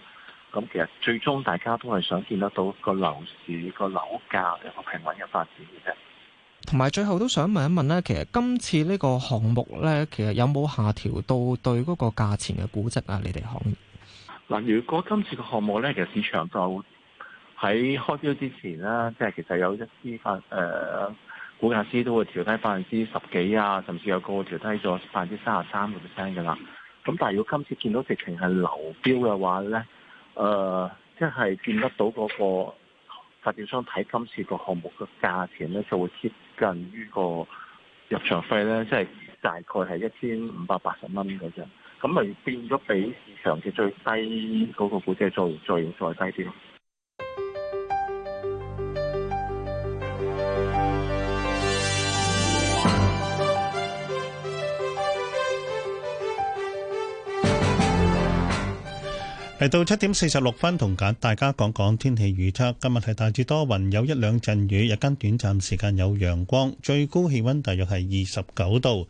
咁其實最終大家都係想見得到個樓市個樓價一個平穩嘅發展嘅啫。同埋最後都想問一問咧，其實今次呢個項目咧，其實有冇下調到對嗰個價錢嘅估值啊？你哋行業嗱，如果今次個項目咧，其實市場就喺開標之前咧，即係其實有一啲發誒估價師都會調低百分之十幾啊，甚至有個調低咗百分之三十三個 percent 嘅啦。咁但係如果今次見到直情係流標嘅話咧，誒、呃，即係見得到嗰個發展商睇今次個項目嘅價錢咧，就會接近於個入場費咧，即係大概係一千五百八十蚊嗰隻，咁咪變咗比市場嘅最低嗰個估計再再再低啲咯。嚟到七點四十六分同簡，大家講講天氣預測。今日係大致多雲，有一兩陣雨，日間短暫時間有陽光，最高氣温大約係二十九度。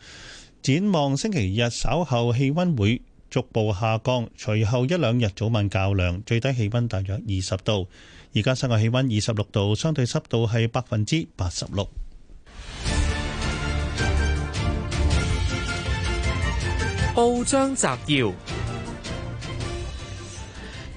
展望星期日稍後氣温會逐步下降，隨後一兩日早晚較涼，最低氣温大約二十度。而家室外氣温二十六度，相對濕度係百分之八十六。報章摘要。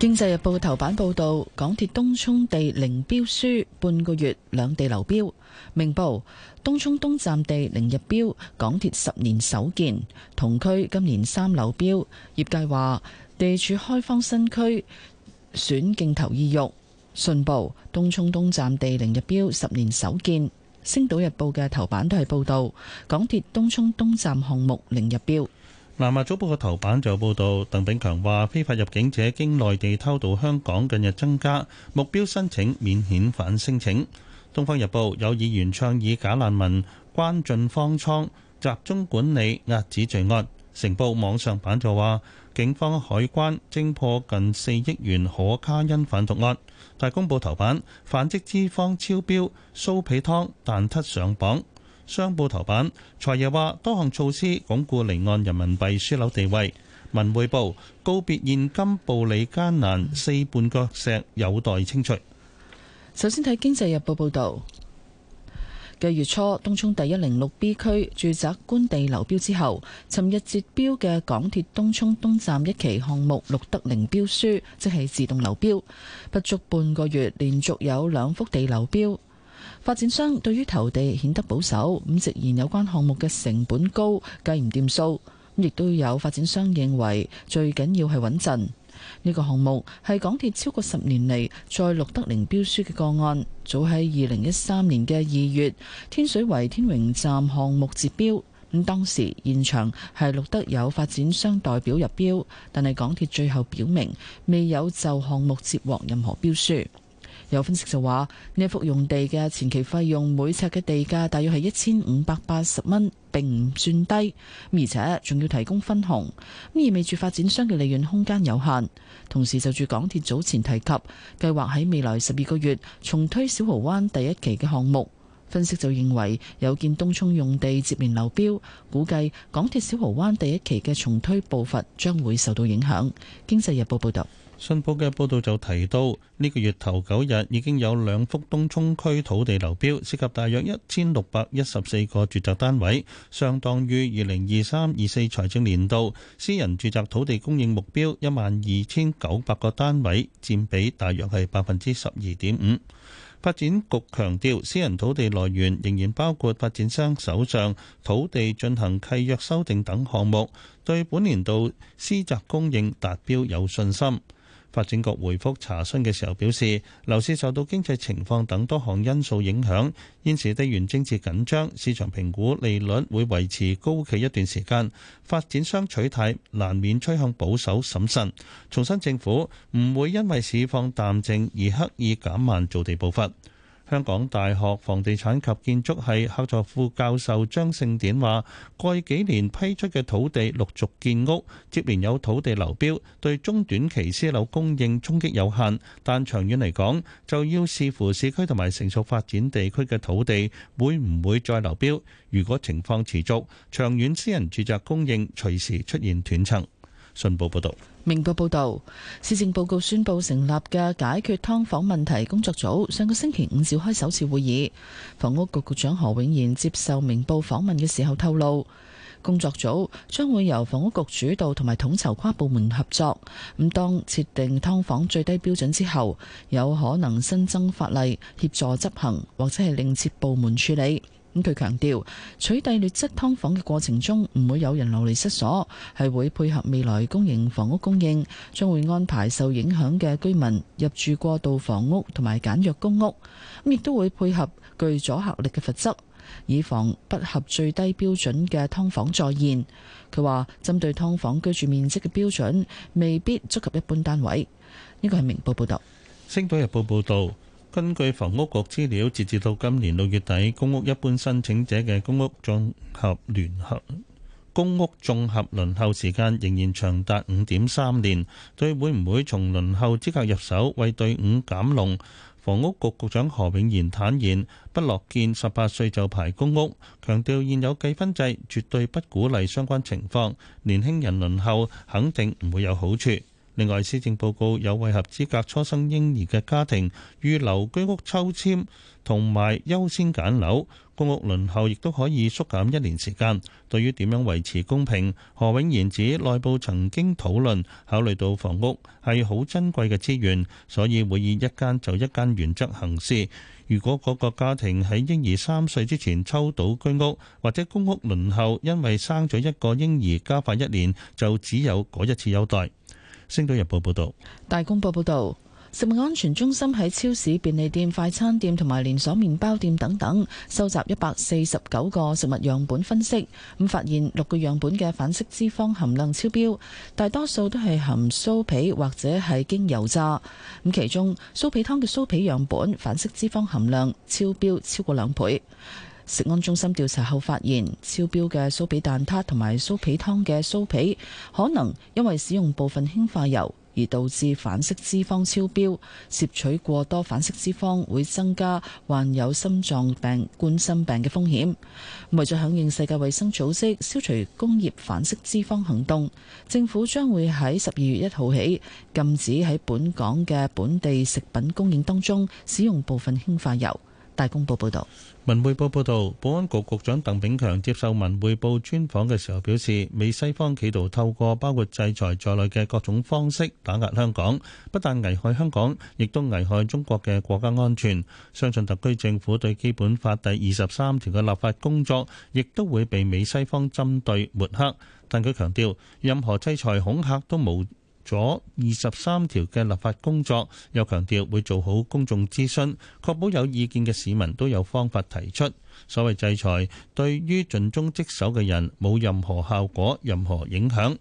經濟日報嘅頭版報道，港鐵東涌地零標書，半個月兩地流標。明報東涌東站地零入標，港鐵十年首見。同區今年三流標，業界話地處開放新區，選競投意欲。信報東涌東站地零入標，十年首見。星島日報嘅頭版都係報道，港鐵東涌東站項目零入標。《南華早報》嘅頭版就有報道，鄧炳強話非法入境者經內地偷渡香港近日增加，目標申請免遣返申請。《東方日報》有議員倡議假難民關進方艙集中管理壓止罪案。《成報》網上版就話警方海關偵破近四億元可卡因販毒案。《大公報》頭版反式脂肪超標酥皮湯蛋撻上榜。商報頭版，財爺話多項措施鞏固離岸人民幣樞紐地位。文匯報告別現金暴利艱難，四半腳石有待清除。首先睇經濟日報報道，繼月初東涌第一零六 B 區住宅官地流標之後，尋日截標嘅港鐵東涌東站一期項目錄得零標書，即係自動流標。不足半個月，連續有兩幅地流標。發展商對於投地顯得保守，咁直言有關項目嘅成本高，計唔掂數，亦都有發展商認為最緊要係穩陣。呢、這個項目係港鐵超過十年嚟再錄得零標書嘅個案，早喺二零一三年嘅二月，天水圍天榮站項目截標，咁當時現場係錄得有發展商代表入標，但係港鐵最後表明未有就項目接獲任何標書。有分析就話，呢一幅用地嘅前期費用每尺嘅地價大約係一千五百八十蚊，並唔算低，而且仲要提供分紅。意味住發展商嘅利潤空間有限。同時就住港鐵早前提及，計劃喺未來十二個月重推小蠔灣第一期嘅項目。分析就認為，有見東涌用地接連流標，估計港鐵小蠔灣第一期嘅重推步伐將會受到影響。經濟日報報道。信報嘅報道就提到，呢、這個月頭九日已經有兩幅東涌區土地流標，涉及大約一千六百一十四個住宅單位，相當於二零二三二四財政年度私人住宅土地供應目標一萬二千九百個單位，佔比大約係百分之十二點五。發展局強調，私人土地來源仍然包括發展商手上土地進行契約修訂等項目，對本年度私宅供應達標有信心。發展局回覆查詢嘅時候表示，樓市受到經濟情況等多項因素影響，現時地緣政治緊張，市場評估利率會維持高企一段時間，發展商取態難免趨向保守審慎。重申政府唔會因為市況淡靜而刻意減慢造地步伐。香港大學房地產及建築系客座副教授張勝典話，過去幾年批出嘅土地陸續建屋，接連有土地流標，對中短期私樓供應衝擊有限。但長遠嚟講，就要視乎市區同埋成熟發展地區嘅土地會唔會再流標。如果情況持續，長遠私人住宅供應隨時出現斷層。信報報導，明報報道，施政報告宣布成立嘅解決劏房問題工作組，上個星期五召開首次會議。房屋局局長何永賢接受明報訪問嘅時候透露，工作組將會由房屋局主導同埋統籌跨部門合作。咁當設定劏房最低標準之後，有可能新增法例協助執行，或者係另設部門處理。咁佢強調，取締劣質劏房嘅過程中，唔會有人流離失所，係會配合未來公營房屋供應，將會安排受影響嘅居民入住過渡房屋同埋簡約公屋。咁亦都會配合具阻嚇力嘅罰則，以防不合最低標準嘅劏房再現。佢話：針對劏房居住面積嘅標準，未必足及一般單位。呢個係明報報道。《星島日報》報導。根據房屋局資料，截至到今年六月底，公屋一般申請者嘅公屋綜合聯合公屋綜合輪候時間仍然長達五點三年。對會唔會從輪候資格入手為隊伍減龍？房屋局局長何永賢坦言：不樂見十八歲就排公屋，強調現有計分制絕對不鼓勵相關情況，年輕人輪候肯定唔會有好處。另外，施政報告有為合資格初生嬰兒嘅家庭預留居屋抽籤同埋優先揀樓公屋輪候，亦都可以縮減一年時間。對於點樣維持公平，何永賢指內部曾經討論，考慮到房屋係好珍貴嘅資源，所以會以一間就一間原則行事。如果各個家庭喺嬰兒三歲之前抽到居屋或者公屋輪候，因為生咗一個嬰兒加快一年，就只有嗰一次優待。星島日報報道，大公報報道，食物安全中心喺超市、便利店、快餐店同埋連鎖麵包店等等收集一百四十九個食物樣本分析，咁發現六個樣本嘅反式脂肪含量超標，大多數都係含酥皮或者係經油炸，咁其中酥皮湯嘅酥皮樣本反式脂肪含量超標超過兩倍。食安中心調查後發現，超標嘅酥皮蛋撻同埋酥皮湯嘅酥皮，可能因為使用部分氫化油而導致反式脂肪超標。攝取過多反式脂肪會增加患有心臟病、冠心病嘅風險。為咗響應世界衛生組織消除工業反式脂肪行動，政府將會喺十二月一號起禁止喺本港嘅本地食品供應當中使用部分氫化油。大公報報道，文匯報報道，保安局局長鄧炳強接受文匯報專訪嘅時候表示，美西方企圖透過包括制裁在內嘅各種方式打壓香港，不但危害香港，亦都危害中國嘅國家安全。相信特區政府對基本法第二十三條嘅立法工作，亦都會被美西方針對抹黑。但佢強調，任何制裁恐嚇都冇。咗二十三條嘅立法工作，又強調會做好公眾諮詢，確保有意見嘅市民都有方法提出。所謂制裁對於盡忠職守嘅人冇任何效果、任何影響。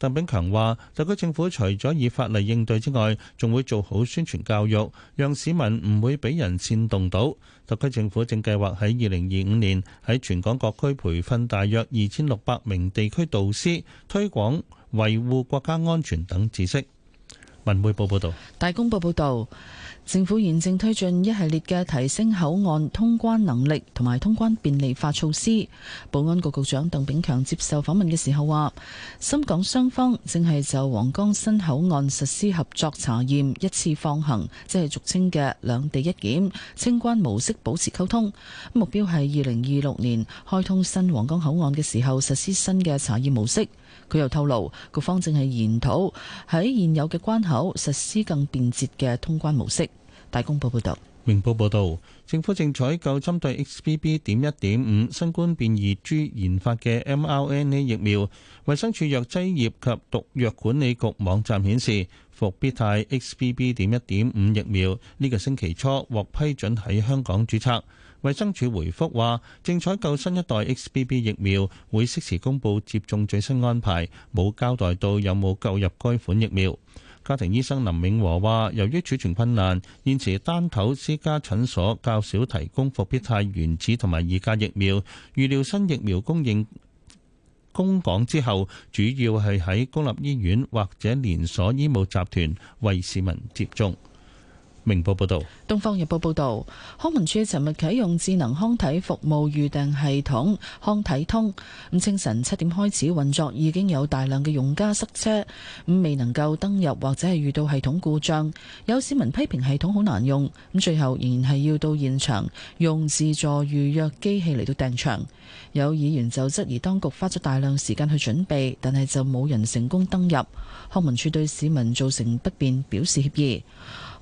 鄧炳強話：特區政府除咗以法例應對之外，仲會做好宣傳教育，讓市民唔會俾人煽動到。特區政府正計劃喺二零二五年喺全港各區培訓大約二千六百名地區導師，推廣。維護國家安全等知識。文匯報報導，大公報報導，政府現正推進一系列嘅提升口岸通關能力同埋通關便利化措施。保安局局長鄧炳強接受訪問嘅時候話：深港雙方正係就皇崗新口岸實施合作查驗一次放行，即係俗稱嘅兩地一檢清關模式，保持溝通。目標係二零二六年開通新皇崗口岸嘅時候，實施新嘅查驗模式。佢又透露，局方正係研討喺現有嘅關口實施更便捷嘅通關模式。大公報報道，明報報道，政府正採購針對 XBB.1.5 新冠變異株研發嘅 mRNA 疫苗。衛生署藥劑業及毒藥管理局網站顯示，復必泰 XBB.1.5 疫苗呢、這個星期初獲批准喺香港注冊。衛生署回覆話，正採購新一代 XBB 疫苗，會適時公布接種最新安排，冇交代到有冇購入該款疫苗。家庭醫生林永和話，由於儲存困難，現時單頭私家診所較少提供復必泰原子同埋二價疫苗。預料新疫苗供應供港之後，主要係喺公立醫院或者連鎖醫務集團為市民接種。明報報導，《東方日報》報導，康文署尋日啟用智能康體服務預訂系統康體通。咁清晨七點開始運作，已經有大量嘅用家塞車，咁未能夠登入或者係遇到系統故障。有市民批評系統好難用，咁最後仍然係要到現場用自助預約機器嚟到訂場。有議員就質疑當局花咗大量時間去準備，但係就冇人成功登入。康文署對市民造成不便表示歉意。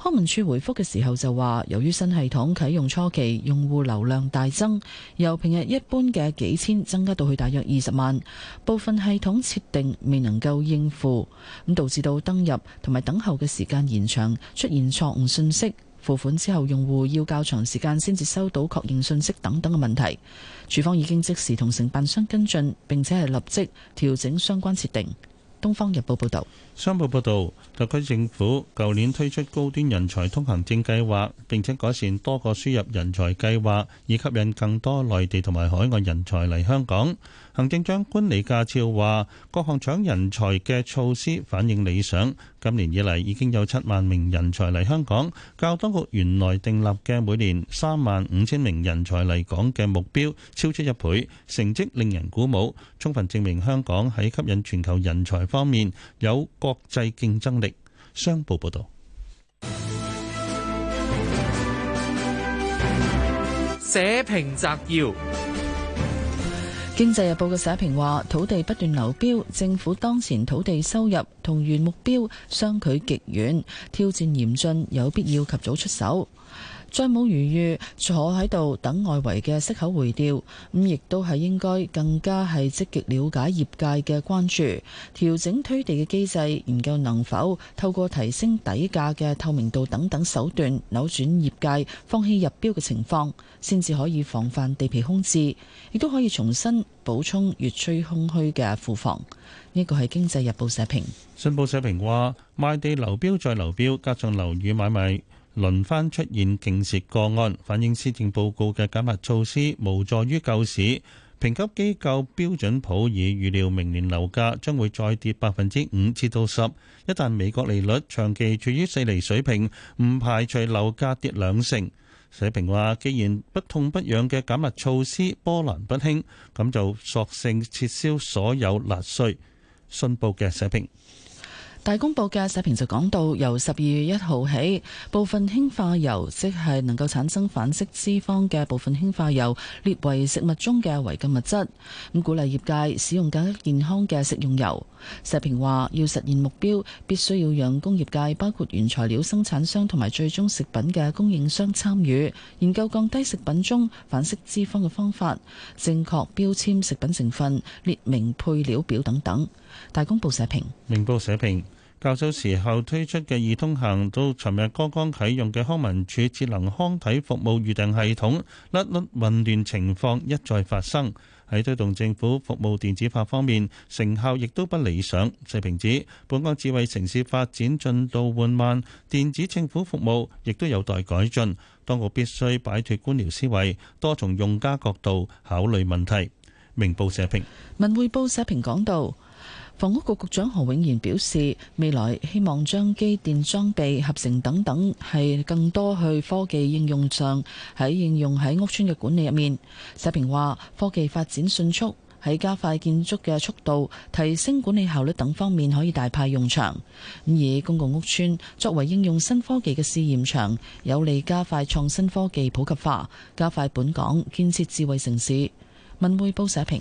康文署回覆嘅時候就話，由於新系統啟用初期用戶流量大增，由平日一般嘅幾千增加到去大約二十萬，部分系統設定未能夠應付，咁導致到登入同埋等候嘅時間延長，出現錯誤信息，付款之後用戶要較長時間先至收到確認信息等等嘅問題。署方已經即時同承辦商跟進，並且係立即調整相關設定。東方日報報道，商報報道。特區政府舊年推出高端人才通行證計劃，並且改善多個輸入人才計劃，以吸引更多內地同埋海外人才嚟香港。行政長官李家超話：各項搶人才嘅措施反映理想，今年以嚟已經有七萬名人才嚟香港，較當局原來訂立嘅每年三萬五千名人才嚟港嘅目標超出一倍，成績令人鼓舞，充分證明香港喺吸引全球人才方面有國際競爭力。商報報道，社評摘要：經濟日報嘅社評話，土地不斷流標，政府當前土地收入同原目標相距極遠，挑戰嚴峻，有必要及早出手。再冇餘裕坐喺度等外圍嘅息口回調，咁亦都係應該更加係積極了解業界嘅關注，調整推地嘅機制，研究能否透過提升底價嘅透明度等等手段扭轉業界放棄入標嘅情況，先至可以防範地皮空置，亦都可以重新補充越趨空虛嘅庫房。呢個係《經濟日報》社評。《信報》社評話賣地流標再流標，加上樓宇買賣，輪番出現勁蝕個案，反映施政報告嘅減辣措施無助於救市。評級機構標準普爾預料明年樓價將會再跌百分之五至到十。一旦美國利率長期處於四厘水平，唔排除樓價跌兩成。社評話：既然不痛不癢嘅減辣措施波瀾不興，咁就索性撤銷所有辣稅。信報嘅社評。大公報嘅社評就講到，由十二月一號起，部分氫化油，即係能夠產生反式脂肪嘅部分氫化油，列為食物中嘅違禁物質。咁鼓勵業界使用更加健康嘅食用油。社評話，要實現目標，必須要讓工業界，包括原材料生產商同埋最終食品嘅供應商參與，研究降低食品中反式脂肪嘅方法，正確標籤食品成分、列明配料表等等。大公報社評。明報社評，較早時候推出嘅易通行到尋日剛剛啟用嘅康文署智能康體服務預訂系統，甩甩混亂情況一再發生。喺推動政府服務電子化方面，成效亦都不理想。社評指，本港智慧城市發展進度緩慢，電子政府服務亦都有待改進。當局必須擺脱官僚思維，多從用家角度考慮問題。明報社評。文匯報社評講道。房屋局局長何永賢表示，未來希望將機電裝備合成等等，係更多去科技應用上，喺應用喺屋邨嘅管理入面。社評話，科技發展迅速，喺加快建築嘅速度、提升管理效率等方面可以大派用場。咁而公共屋邨作為應用新科技嘅試驗場，有利加快創新科技普及化，加快本港建設智慧城市。文匯報社評。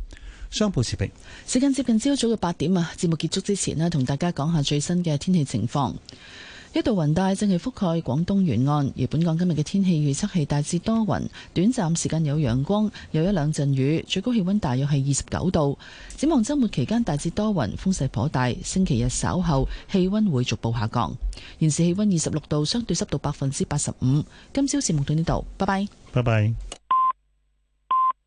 商報視平。時間接近朝早嘅八點啊，節目結束之前呢，同大家講下最新嘅天氣情況。一道雲帶正係覆蓋廣東沿岸，而本港今日嘅天氣預測係大致多雲，短暫時間有陽光，有一兩陣雨，最高氣溫大約係二十九度。展望周末期間大致多雲，風勢頗大。星期日稍後氣溫會逐步下降。現時氣溫二十六度，相對濕度百分之八十五。今朝節目到呢度，拜拜，拜拜。